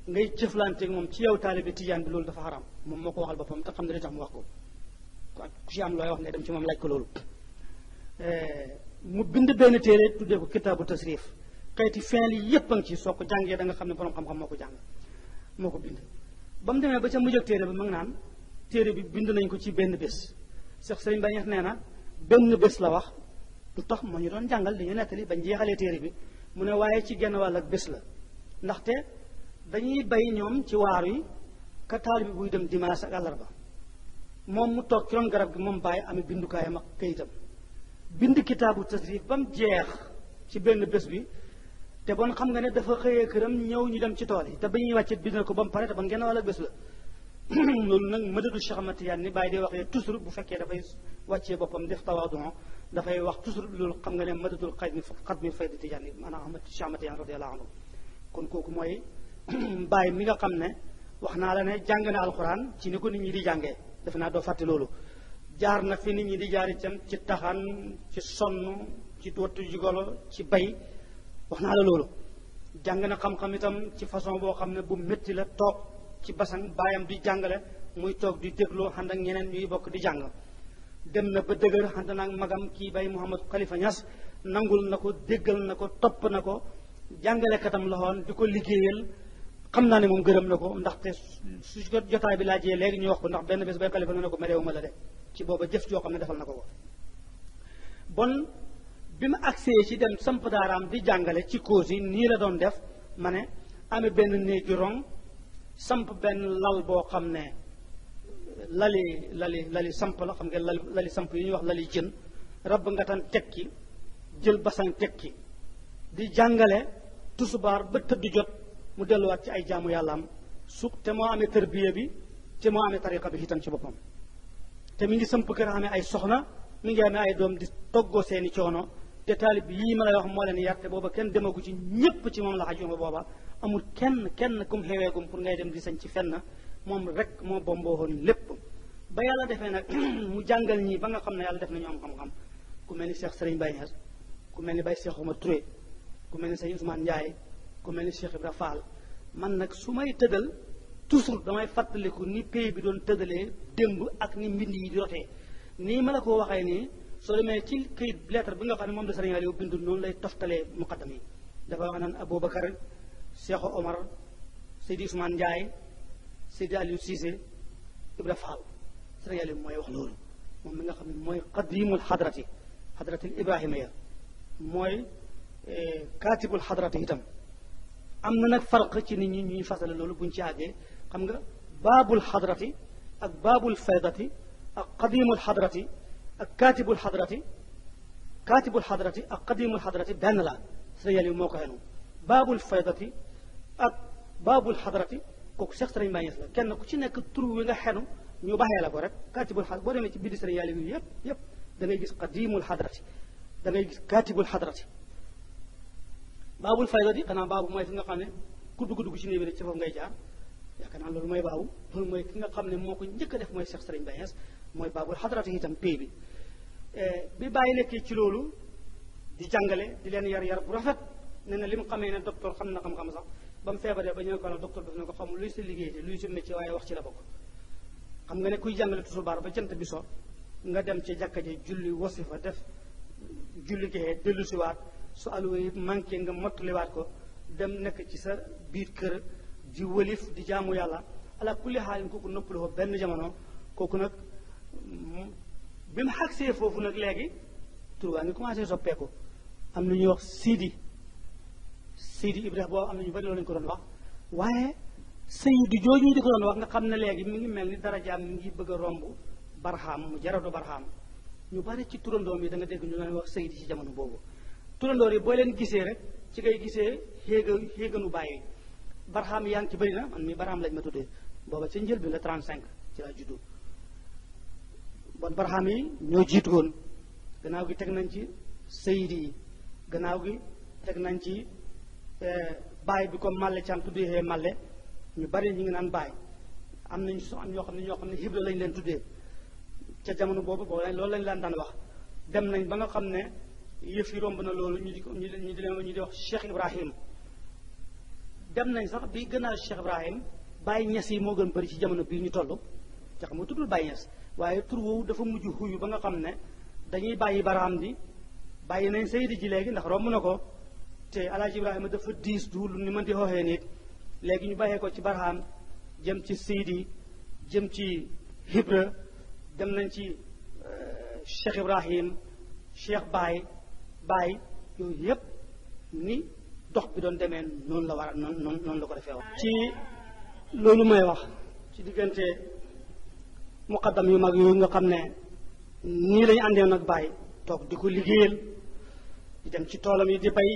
ngay jëflanteeg moom ci yow taalibe Tidiane bi loolu dafa xaram moom moo ko waxal boppam te xam ne li tax mu wax ko ku ci am looy wax ngay dem ci moom laaj ko loolu eh, mu bind benn téere tuddee ko kitaabu tasrif xeeti fin li yépp a soo ko jàngee da nga xam ne borom xam-xam moo ko jàng moo ko bind bam demé ba ca mujjëg téere ba mu ngi naan téré bi bind nañ ko ci benn bés sax sëriñ bañeex nee na benn bés la wax du tax mo ñu doon jàngal dañu nettali bañ jeexalee téere bi mu ne waaye ci genn wàll ak bés la ndaxte dañuy bay ñoom ci waar yi ka taal bi buy dem dimanche ak àllarba moom mu toog ci garab gi moom bàyyi amee bindukaayam ak kayitam bind kitaabu tasrif bam jeex ci benn bés bi te bon xam nga ne dafa xëyee këram ñëw ñu dem ci tool yi te ba ñuy wàccee bind ko ba mu pare te ba ngeen wala bés la loolu nag madadul Cheikh Ahmad ni bàyyi day waxee toujours bu fekkee dafay wàccee boppam def tawaadon dafay wax toujours loolu xam nga ne madadul xaj mi xat mi fayda Tidiane yi maanaam Ahmad Cheikh Ahmad Tidiane radiyallahu anhu kon kooku mooy bàyyi mi nga xam ne wax naa la ne jàng na alxuraan ci ni ko nit ñi di jàngee defe naa doo fàtte jaar na fi nit ñi di jaar itam ci taxaan ci sonn ci wattu jigolo ci bay wax naa la loolu jàng na xam-xam itam ci façon boo xam ne bu metti la toog ci basan baayam di jàngale muy toog di dégloo xand ak ñeneen ñuy bokk di jàng dem na ba dëgër xand naag magam kii bay Mouhamadou kalifa Niass nangul na ko déggal na ko topp na ko jàngalekatam loxoon di ko liggéeyal xam naa ne moom gërëm na ko ndaxte su ko jotaay bi laa laajee léegi ñu wax ko ndax benn bés bay Khalifa ne na ko mereewuma la de ci booba jëf joo xam ne defal na ko ko bi ma agsee ci dem samp daaraam di jàngale ci cause yi nii la doon def ma ne amee benn néeg rong samp benn lal boo xam ne lali lali lali samp la xam nga lali samp yi ñuy wax lali jën rabb nga teg tekki jël teg tekki di jàngale tusubaar ba tëdd jot mu delluwaat ci ay jaamu yàllaam su te moo amee tërbiya bi te moo amee tariqa bi itam ci boppam te mi ngi samp kër amee ay soxna mi ngi amee ay doom di toggoo seeni coono te taalib bi yii ma lay wax moo leen yar te booba kenn demagu ci ñëpp ci moom la xajoon ba booba amul kenn kenn kum xeweegum pour ngay dem di sañ ci fenn moom rek moo bomboowoon lépp ba yàlla defee nag mu jàngal ñii ba nga xam ne yàlla def nañu am xam-xam ku mel ni Cheikh Serigne Baye ku mel ni bay Cheikh ma Touré ku mel ni Serigne Ousmane Ndiaye ku mel ni Cheikh Ibra Fall man nag su may tëddal toujours damay fàttaliku ni pays bi doon tëddalee démb ak ni mbind yi di rotee nii ma la ko waxee nii soo demee ci këyit lettre bi nga xam ne moom la Serigne Aliou bindu noonu lay toftalee muqaddam yi dafa wax naan Aboubacar Cheikh Omar Seydi Ousmane Ndiaye Seydi Aliou Cissé Ibra Fall Serigne Aliou mooy wax loolu moom mi nga xam ne mooy qadimul xadrati xadratil Ibrahima ya mooy kaatibul xadrati itam am na nag farq ci nit ñi ñuy fasale loolu buñ ci àggee xam nga baabul xadrati ak baabul faydati ak qadimul xadrati ak kaatibul xadrati kaatibul xadrati ak qadimul xadrati benn la sëriñ Aliou moo ko xenu baabul faydati ak baabul xadrati kooku Cheikh Sëriñ Baay kenn ku ci nekk tur wi nga xenu ñu baxee la ko rek kaatibul xadrati boo demee ci biir sëriñ Aliou yëpp yëpp da ngay gis qadimul xadrati da gis kaatibul xadrati baabul faydati xanaa baabu mooy fi nga xam ne ku dugg dugg ci néeg bi rek ci foofu ngay jaar yaakaar naa loolu mooy baabu loolu mooy ki nga xam ne moo ko njëkk def mooy Cheikh Sëriñ Baay Ñas mooy baabul xadrati itam pay bi Eh, bi bàyyi nekkee ci loolu di jàngale di leen yar yar bu rafet nee na li mu xamee ne docteur xam na xam-xam sax ba mu feebaree ba ñëw ko nag docteur daf ne ko xamul luy sa liggéey de luy sa métier waaye wax ci la bokk xam nga ne kuy jàngale tusubaar ba jant bi so nga dem ci jàkka ji julli wasifa def julli gexee dellu siwaat su alluwa yi nga nga waat ko dem nekk ci sa biir kër di wëlif di jaamu yàlla ala kulli xaalin kooku noppaloo benn jamono kooku nag bi mu xagsee foofu nag léegi tur waa ngi commencé soppeeku am na ñuy wax Sidi Sidi Ibrahima boobu am na ñu bari loolu lañ ko doon wax waaye Sayyidu jooju ñu di ko doon wax nga xam ne léegi mu ngi mel ni darajaam mi ngi bëgg a romb barxaam mu jaradu barxaam ñu bari ci turandoom yi danga nga dégg ñu leen wax Sayyidu ci jamono boobu turandoor yi boo leen gisee rek ci ngay gisee xéega xéeganu bàyyi barxaam yaa ngi ci bëri na man mi baraam lañ ma tuddee booba njël bi la 35 ci laa bon barxaam yi ñoo jiit woon gannaaw gi teg nañ ci sayidi yi gannaaw gi teg nañ ci eh, baay bi comme Malle Thiam tuddee Malle ñu bari ñu ngi naan baay am nañ su am xam ne ñoo xam ne Ibra lañ leen tuddee ca jamono boobu boobu loolu lañ laan daan wax dem nañ ba nga xam ne yëf yi romb na loolu ñu di ko ñu di leen ñu di wax Cheikh Ibrahim dem nañ sax bi gën a Cheikh Ibrahim Baye Niass yi moo gën bëri ci jamono bii ñu toll ca xam nga tuddul Baye Niass waaye tur woowu dafa mujj xuyu ba nga xam ne dañuy bàyyi baraam bi bàyyi nañ saydi ji léegi ndax romb na ko te alaaji ibrahima dafa diis du lu ni mën di xooxee nit léegi ñu bàyyee ci baraam jëm ci saydi jëm ci hibra dem nañ ci euh, cheikh ibrahim cheikh baay baay yooyu yépp ni dox bi doon demee noonu la war a noonu la ko defee wax ci loolu may wax ci diggante muqaddam yu mag yooyu nga xam ne nii lañu àndee nag bàyyi toog di ko liggéeyal di dem ci toolam yi di bay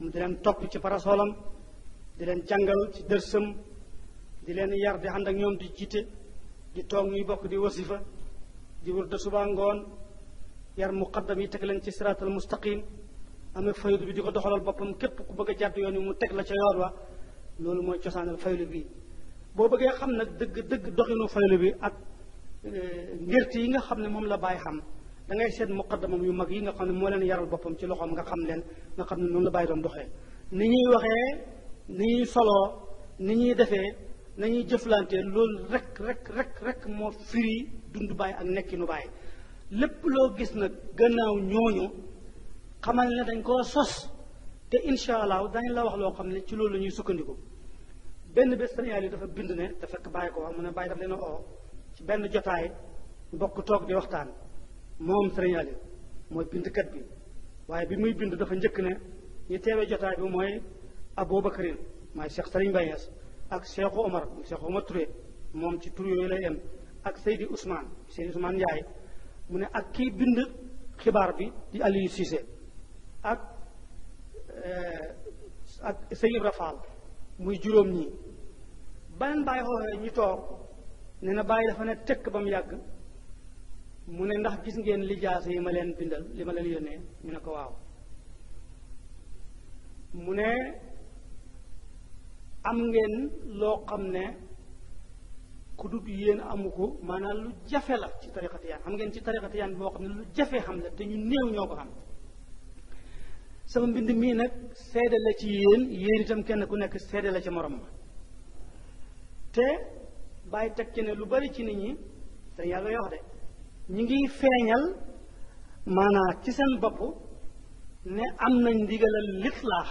mu di leen topp ci parasolam di leen jàngal ci dërsëm di leen yar di ànd ak ñoom di jiite di toog ñuy bokk di wasifa di wër de suba ngoon yar muqaddam yi teg leen ci siraatal mustaqim amee faydu bi di ko doxalal boppam képp ku bëgg a jàdd yoon yi mu teg la ci yoon wa loolu mooy cosaanal faylu bi boo bëggee xam nag dëgg dëgg doxinu faylu bi ak ngirti euh, yi nga xam ne moom la bàyyi xam dangay ngay seet muqaddamam yu mag yi nga xam ne moo leen yaral boppam ci loxoom nga xam leen nga xam ne noonu la bàyyi doon doxee ni ñuy waxee ni ñuy soloo ni ñuy defee na ñuy jëflante loolu rek rek rek rek moo firi dund bàyyi ak nekkinu bàyyi lépp loo gis nag gannaaw ñooñu xamal ne dañ koo sos te incha allah dañ la wax loo xam ne ci loolu la ñuy sukkandiku benn bés yi dafa bind ne dafa bàyyi ko wax mu ne bàyyi daf ci benn jotaay mbokk toog di waxtaan moom Serigne Aliou mooy bindkat bi waaye bi muy bind dafa njëkk ne ñu teewee jotaay bi mooy Aboubacarine mooy Cheikh Serigne Baye ak Cheikh Omar Cheikh Omar Touré moom ci tur yooyu lay ak Seydi Ousmane Seydi Ousmane Ndiaye mu ne ak kii bind xibaar bi di Aliou Cissé ak eh, ak Seydi Ibra Fall muy juróom ñi beneen bàyyi xooxee ñi toog ne na bàyyi dafa ne tëkk ba mu yàgg mu ne ndax gis ngeen lijaasa yi ma leen bindal li ma leen yónnee ñu ne ko waaw mu ne am ngeen loo xam ne ku dut yéen amu ko maanaam lu jafe la ci tariqati yaan xam ngeen ci tariqati yaan boo xam ne lu jafe xam la te ñu néew ñoo ko xam sama mbind mii nag seede la ci yéen yéen itam kenn ku nekk seede la ci morom ma te bàyyi teg ci ne lu bari ci nit ñi te yàlla yox de ñu ngi feeñal maanaa ci seen bopp ne am nañ ndigalal litlaax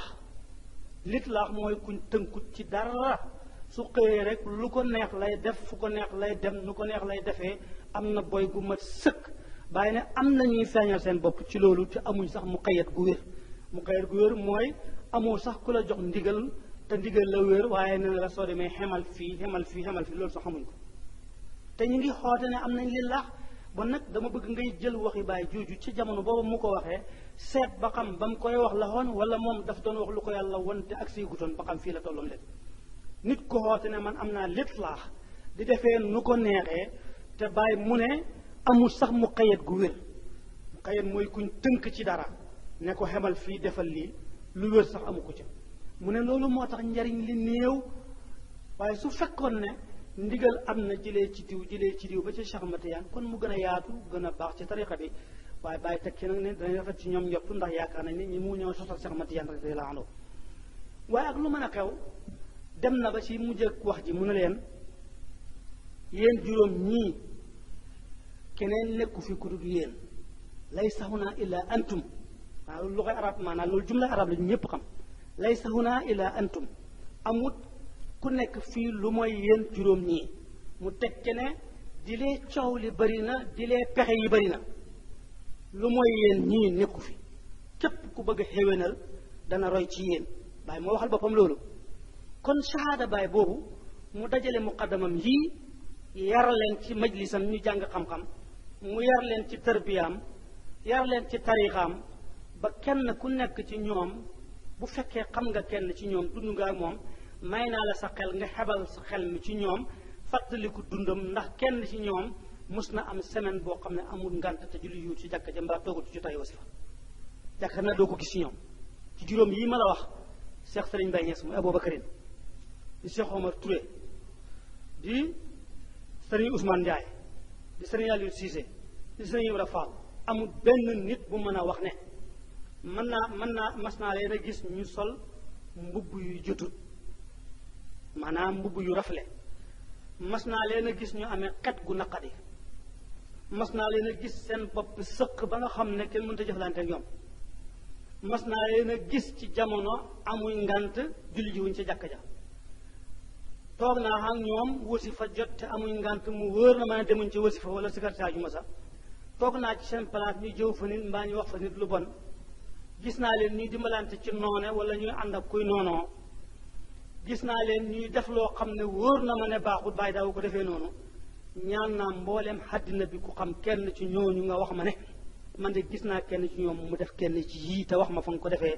litlaax mooy kuñ tënkut ci dara su xëyee rek lu ko neex lay def fu ko neex lay dem nu ko neex lay defee am na boy gu mat sëkk bàyyi ne am na ñuy feeñal seen bopp ci loolu ci amuñ sax mu xayat gu wér mu xayat gu wér mooy amoo sax ku la jox ndigal te ndigal la wér waaye nee na la soo demee xemal fii xemal fii xemal fii loolu soo xamuñ ko te ñu ngi xoote ne am nañ li laax bon nag dama bëgg ngay jël waxi baay jooju ci jamono boobu mu ko waxee seet ba xam ba mu koy wax la xoon wala moom daf doon wax lu ko yàlla wante ak siy gutoon ba xam fii la tolloon lépp nit ko xoote ne man am naa lit laax di defee nu ko neexee te baay mu ne amul sax mu xayat gu wér mu xayat mooy kuñ tënk ci dara ne ko xemal fii defal lii lu wér sax amu ko ca mu ne loolu moo tax njariñ li néew waaye su fekkoon ne ndigal am na jëlee ci diw jëlee ci diw ba ci Cheikh Matiyaan kon mu gën a yaatu gën a baax ci tariqa bi waaye bàyyi tekki nag ne danañ rafet ci ñoom njott ndax yaakaar nañ ne ñi mu ñëw sotal Cheikh rek day anhu waaye ak lu mën a xew dem na ba ci mu ak wax ji mu ne leen yéen juróom ñii keneen nekku fi ku dul yéen lay saxu illa antum waaw lu koy arab maanaam loolu jumla arab la ñëpp xam laysa naa ila antum amut ku nekk fii lu mooy yéen juróom ñii mu teg ci di lee coow li bëri na di lee pexe yi bari na lu mooy yéen ñii nekku fi képp ku bëgg a xéwénal dana roy ci yéen baay moo waxal boppam loolu kon shahaada baay boobu mu dajale muqaddamam yii yar leen ci majlisam ñu jàng xam-xam mu yar leen ci tarbiyaam yar leen ci tariixaam ba kenn ku nekk ci ñoom bu fekkee xam nga kenn ci ñoom dund nga ak moom may naa la sa xel nga xebal sa xel mi ci ñoom fàttaliku dundam ndax kenn ci ñoom mus na am semaine boo xam ne amul ngant te julli yuut ci jàkka ja mbaa toogut ci jotaay wasifa jàkka na doo ko gis ci ñoom ci juróom yi ma la wax Cheikh Serigne Baye Niass muy Aboubacarine di Cheikh ma Touré di Serigne Ousmane Ndiaye di Serigne Aliou Cissé di Serigne Ibra Fall amul benn nit bu mën a wax ne man naa mën naa mas naa leen a gis ñu sol mbubb yu jotut maanaam mbubb yu rafle mas naa leen a gis ñu amee xet gu naqari mas naa leen a gis seen bopp sëq ba nga xam ne kenn mënta jëflante ak ñoom mas naa leen a gis ci jamono amuy ngant julli ji wuñ ca jàkka ja toog naa ak ñoom wasifa jot te amuñ ngant mu wóor na ma ne demuñ ci wasifa wala secrétaire yu ma sax toog naa ci seen place ñu jëw fa nit mbaa ñu wax fa nit lu bon gis naa leen ñuy dimbalante ci noone wala ñuy ànd ak kuy noonoo gis naa leen ñuy def loo xam ne wóor na ma ne baaxul bàyyi daaw ko defee noonu ñaan naa mbooleem xaddina bi ku xam kenn ci ñu nga wax ma ne man de gis naa kenn ci ñoom mu def kenn ci yii te wax ma fa nga ko defee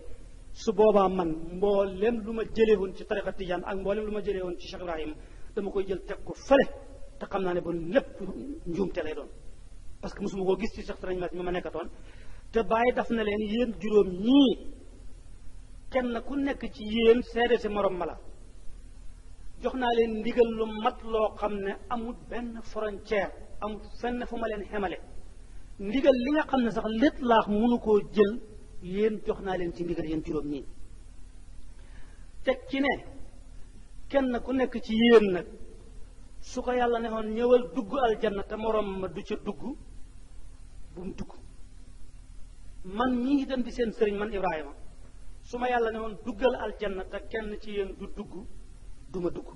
su boobaa man mboolem lu ma jëlee woon ci tariqa tijaan ak mbooleem lu ma jëlee woon ci Cheikh Ibrahim dama koy jël teg ko fële te xam naa ne ba lépp njuumte lay doon parce que mosuma koo gis ci Cheikh Ibrahim ma nekkatoon te bàyyi daf na leen yéen juróom ñii kenn ku nekk ci yéen seede si moroom ma la jox naa leen ndigal lu mat loo xam ne amul benn frontière amul fenn fu ma leen xemale ndigal li nga xam ne sax lépp laax mënu ko jël yéen jox naa leen ci ndigal yéen juróom ñii teg ci ne kenn ku nekk ci yéen nag su ko yàlla ne ñëwal dugg aljanna te moroom ma du ca dugg bu mu dugg man mii itam di seen sëriñ man Ibrahima su ma yàlla ne woon duggal aljanna te kenn ci yéen du dugg du ma dugg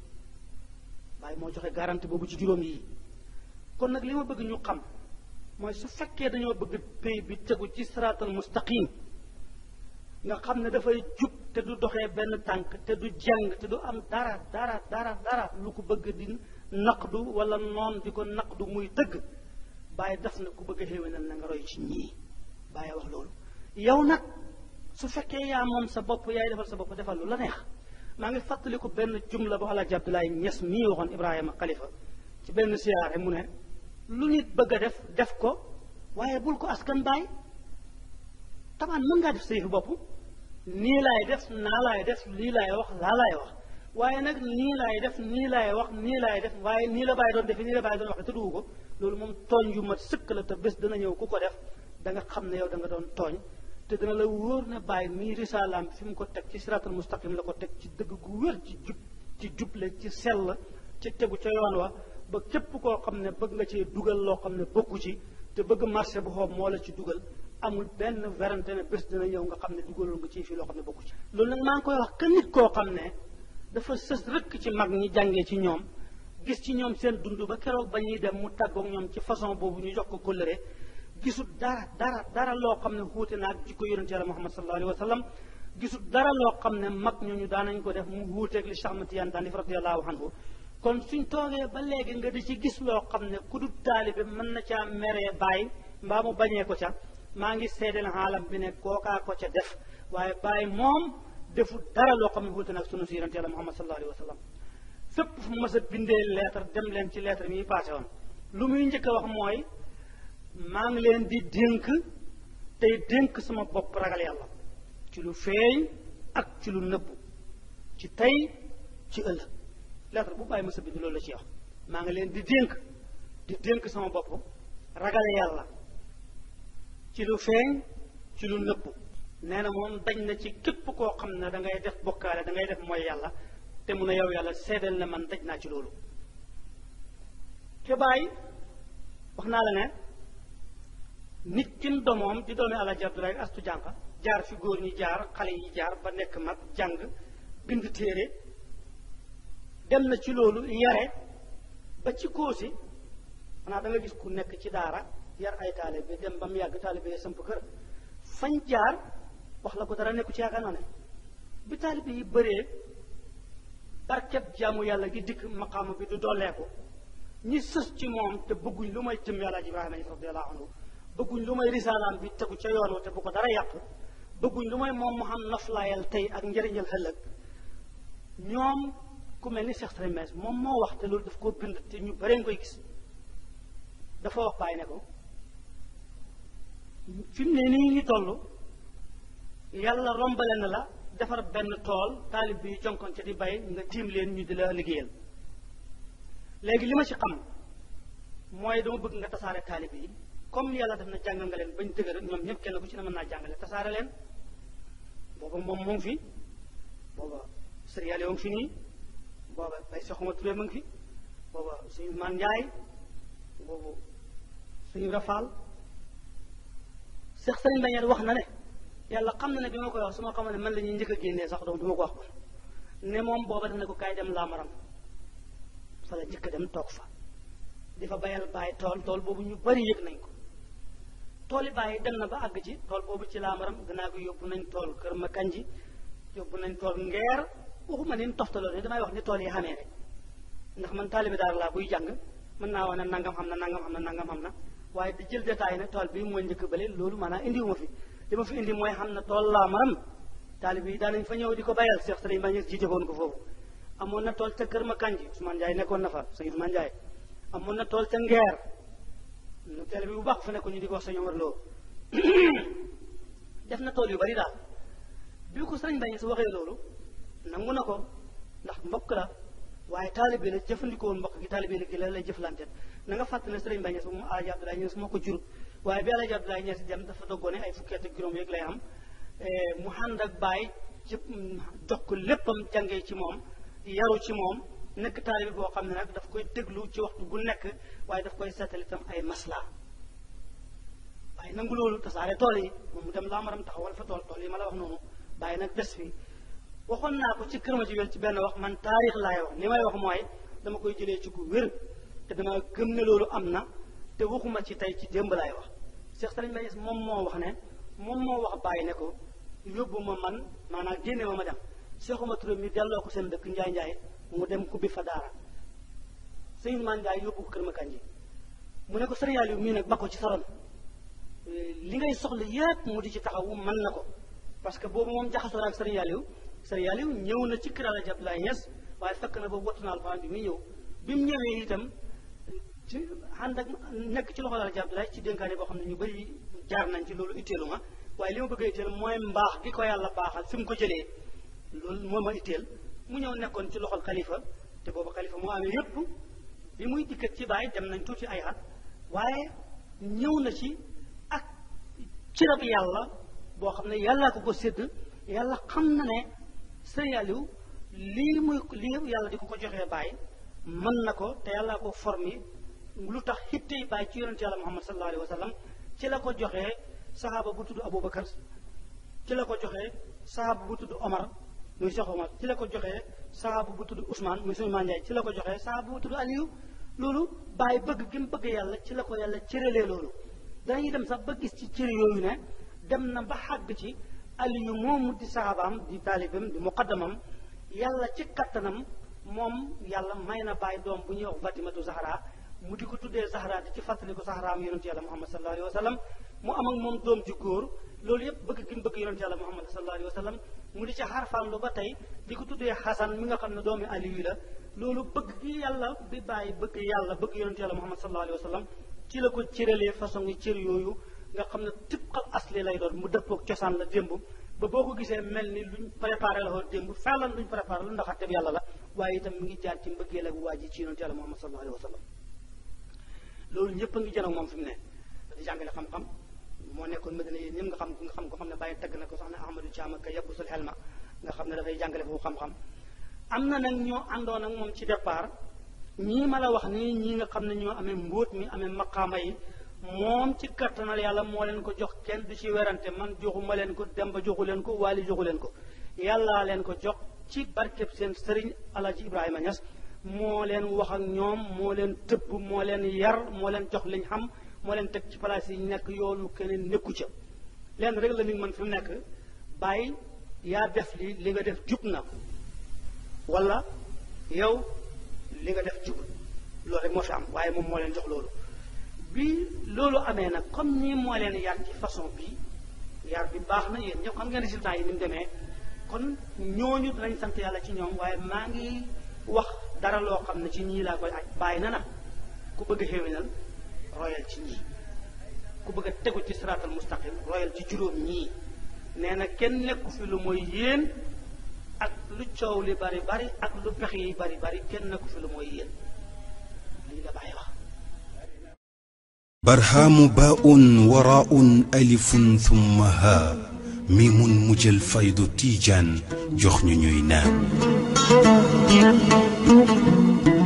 waaye moo joxe garanti boobu ci juróom yi kon nag li ma bëgg ñu xam mooy su fekkee dañoo bëgg pay bi tegu ci siraatal mustaqim nga xam ne dafay jub te du doxee benn tànk te du jàng te du am dara dara dara dara lu ko bëgg di du wala noon di ko du muy dëgg bàyyi daf na ku bëgg a xéwénal na nga roy ci ñii bàyyi wax loolu yow nag su fekkee yaa moom sa bopp yaay defal sa bopp defal lu la neex maa ngi fàttaliku benn jumla boo Alaaji Abdoulaye Niass mii waxoon Ibrahima kalifa ci benn siyaare mu ne lu nit bëgg a def def ko waaye bul ko askan bàyyi tamaan mën ngaa def sa yëfu bopp nii laay def naa laay def lii laay wax laa laay wax waaye nag nii laay def nii laay wax nii laay def waaye nii la bàyyi doon defee nii la bàyyi doon wax te duwu ko loolu moom tooñ yu mat sëkk la te ñëw ku ko def da nga xam ne yow da nga doon tooñ te dana la wóor ne bàyyi mii risaalaam fi mu ko teg ci siraatal mustaqim la ko teg ci dëgg gu wér ci jub ci juble ci sell ci tegu ca yoon wa ba képp koo xam ne bëgg nga cee dugal loo xam ne bokku ci te bëgg marché bu xoob moo la ci dugal amul benn werante ne bés dina ñëw nga xam ne dugaloon nga ci fii loo xam ne bokku ci loolu nag maa ngi koy wax que koo xam ne dafa sës rëkk ci mag ñi jàngee ci ñoom gis ci ñoom seen dund ba keroog ba ñuy dem mu tàggoog ñoom ci façon boobu ñu jox ko kóllëre gisut dara dara dara lo xamne ne xuute ci ko yonente yàlla muhammad sallallahu alaihi wasallam gisut gisul dara loo xam ne ñu ñooñu daanañ ko def mu wuuteeg li Cheikh Matiyaan daan def radiallahu anhu kon suñ toge ba legi nga di ci gis lo xamne ku du taalibe man na ca méré bay mba mu bañé ko ca ma ngi sédel halam bi ne kookaa ko ca def waye bay mom defu dara lo xamne ne wuute sunu si yonente muhammad sallallahu alaihi wasallam sallam fépp fu mas a bindee lettre dem len ci lettre mi passé won lu muy njëkk wax moy maa ngi leen di dénk tey dénk sama bopp ragal yàlla ci lu feey ak ci lu nëbb ci tey ci ëllëg lettre bu bàyyi mësa bind loolu la ci wax maa ngi leen di dénk di dénk sama bopp ragal yàlla ci lu feeñ ci lu nëbb nee na moom dañ na ci képp koo xam ne da ngay def bokkaale da ngay def mooy yàlla te mu a yow yàlla seedal na man daj naa ci loolu ke bàyyi wax naa la ne nit kin domoom di doomi Alaaji Abdoulaye astu jànq jaar fi góor ñi jaar xale yi jaar ba nekk mag jàng bind téere dem na ci loolu yare ba ci kóosi xanaa da gis ku nekk ci daara yar ay taalibe dem ba mu yàgg taalibe samp kër fañ jaar wax la ko dara nekku ci yaakaar naa bi taalibe yi bëree barkeb jaamu yàlla gi dikk maqaama bi du dolleeku ñi sës ci moom te bëgguñ lu may jëm yàlla ji Ibrahima radiyallahu anhu bëgguñ lu may risaalaam bi tegu ca yoon wa te bu ko dara yàq bëgguñ lu may moom mu xam noflaayal tey ak njëriñal ëllëg ñoom ku mel ni Cheikh Tremes moom moo wax te loolu daf ko bind te ñu bare nga koy gis dafa wax bàyyi ne ko fi ne nii ñu toll yàlla rombale na la defar benn tool taalib bi jonkoon ca di bay nga tiim leen ñu di la liggéeyal léegi li ma ci xam mooy dama bëgg nga tasaare taalib yi comme yàlla def na jàngal nga leen bañ dëgër ñoom ñëpp kenn ku ci ne mën naa jàngale tasaare leen booba moom mu ngi fi booba sër yàlla fi nii booba bay ngi fi booba suñu man njaay boobu suñu rafaal seex sëriñ wax na ne yàlla xam na ne bi ma koy wax su ma xamoon ne man la ñuy njëkk a génnee sax donc du ma ko wax ko ne moom booba def ne ko kaay dem laamaram fa la njëkk dem toog fa di fa bayal bàyyi tool tool boobu ñu bari yëg nañ ko tooli bàyyi dem na ba àgg ci tool boobu ci laa gannaaw gi yóbbu nañ tool kër ma kanji yóbbu nañ tool ngeer waxuma nin toftaloo ne damay wax ni tool yi xamee rek ndax man taalibi daal laa jàng mën naa wax ne nangam xam na nangam xam na nangam xam na waaye di jël détail ne tool bii moo njëkk bële loolu maanaam indi wu ma fi li ma fi indi mooy xam na tool laa laamaram taalib yi daanañ fa ñëw di ko ba bayal Cheikh Sëriñ Bañes jiite woon ko foofu amoon na tool ca kër ma kanji Ousmane Ndiaye nekkoon na fa Sëriñ Ousmane Ndiaye amoon na tool ca ngeer télé bi bu baax fa nekkoon ñu di ko wax sëñ Omar Lo def na tool yu bari daal bi ko sëñ Mbaye si waxee loolu nangu na ko ndax mbokk la waaye taalibe nag jëfandikoo mbokk gi taalibe nag gi la lay jëflante na nga fàttali ne sëriñ Mbaye si moom Alaaji Abdoulaye Niass moo ko jur waaye bi Alaaji Abdoulaye Niass dem dafa doggoone ay fukki at ak juróom yeeg lay am eh, mu ànd ak bàyyi ci jox ko léppam jàngee ci moom yaru ci moom nekk taalibe boo xam ne nag dafa koy déglu ci waxtu bu nekk waaye daf koy seetal itam ay masla waaye nangu loolu tasaare tool yi moom mu dem laamaram taxawal fa tool tool yi ma la wax noonu bàyyi nag des fi waxoon naa ko ci kër ma ci wér ci benn wax man taarix laay wax li may wax mooy dama koy jëlee ci ku wér te dama gëm ne loolu am na te waxuma ci tey ci démb laay wax Cheikh Saliou Mbaye moom moo wax ne moom moo wax bàyyi ne ko yóbbu ma man maanaam génne ma ma dem Cheikh Oumar Touré mi delloo ko seen dëkk Njaay Njaay mu dem kubbi fa daara sëñ Man Njaay yóbbu ko kër ma kanji mu ne ko sëriñ Aliou mii nag ba ko ci soron li ngay soxla yépp mu di ci taxawu man na ko parce que boobu moom jaxasoo ak sëriñ Aliou sëriñ Aliou ñëw na ci kër Alaaji Abdoulaye Niass waaye fekk na boobu wattu na alxuraan bi muy ñëw bi mu ñëwee itam ci ànd ak nekk ci loxo Alaaji Abdoulaye ci dénkaane boo xam ne ñu bëri jaar nañ ci loolu itteelu ma waaye li ma bëgg a itteel mooy mbaax gi ko yàlla baaxal fi mu ko jëlee loolu moo ma mu ñëw nekkoon ci loxol xalifa te boobu xalifa moo amee yëpp bi muy dikkat ci baay dem nañ tuuti ay at waaye ñëw na ci ak cërab yàlla boo xam ne yàllaa ko ko sedd yàlla xam na ne sëriñ Aliou li muy lii yàlla di ko ko joxee bàyyi mën na ko te yàllaa ko formé lu tax xittey bàyyi ci yonent yàlla Muhammad sallallahu alayhi wa sallam ci la ko joxee saxaaba bu tudd Aboubacar ci la ko joxee saxaaba bu tudd Omar muy Cheikh Omar ci la ko joxe saabu bu tudd Ousmane muy Souleymane Ndiaye ci la ko joxe saabu bu tudd Aliou loolu bàyyi bëgg gi mu bëgg yàlla ci la ko yàlla cëralee loolu dañuy dem sax ba gis ci cër yooyu ne dem na ba xàgg ci Aliou moomu di saabaam di taalibam di muqaddamam yàlla ci kattanam moom yàlla may na bàyyi doom bu ñuy wax Fatimatu Zahra mu di ko tuddee Zahra di ci fàttali ko Zahraam yonent yàlla Muhammad sallallahu alayhi wa sallam mu am ak moom doom ju góor loolu yëpp bëgg gi mu bëgg yonent yàlla Muhammad sallallahu alayhi wa sallam mu di ci xarfaan lu ba tey di ko tuddee xasan mi nga xam ne doomi aliyu la loolu bëgg gi yàlla bi bàyyi bëgg yàlla bëgg yonent yàlla muhammad sallallahu alayhi wa sallam ci la ko cëralee façon yi cër yooyu nga xam ne tibqal asli lay doon mu dëppoog cosaan la démb ba boo ko gisee mel ni luñ préparé la woon démb fàllan luñ préparé lu ndax atteb yàlla la waaye itam mi ngi jaar ci mbëggeel ak waa ji ci yonent yàlla muhammad sallallahu alayhi wa sallam loolu ñëpp a ngi jënoog moom fi mu ne di moo nekkoon Medina yéen ñëpp nga xam nga xam ko xam ne bàyyi tagg na ko soxna Ahmadou Thiam ak yabbusul xelma nga xam ne dafay jàngale foofu xam-xam am na nag ñoo àndoon ak moom ci départ ñii ma la wax nii ñii nga xam ne ñoo amee mbóot mi amee maqaama yi moom ci kattanal yàlla moo leen ko jox kenn du ci werante man joxuma leen ko Demba joxu leen ko Waali joxu leen ko yàllaa leen ko jox ci barkeb seen sëriñ Alaaji Ibrahima Ñas moo leen wax ak ñoom moo leen tëbb moo leen yar moo leen jox liñ xam moo leen teg ci place yi nekk yoonu keneen nekku ca lenn rek la nit fi mu nekk bàyyi yaa def li li nga def jub na wala yow li nga def jubul loolu rek moo fi am waaye moom moo leen jox loolu bi loolu amee nag comme ni moo leen yar ci façon bi yar bi baax na yéen ñëpp xam ngeen résultat yi ni demee kon ñooñu dinañ sant yàlla ci ñoom waaye maa ngi wax dara loo xam ne ci ñii laa koy aj bàyyi na nag ku bëgg xéwénal royal ci ñii ku bëgg a tegu ci siraatal mustaqim royal ci juróom ñii nee na kenn nekku fi lu mooy yéen ak lu coow li bari bari ak lu pex yi bari bari kenn nekku fi lu mooy yéen lii la bàyyi wax برهام باء وراء ألف ثم ها ميم مجل فيض تيجان جخن نام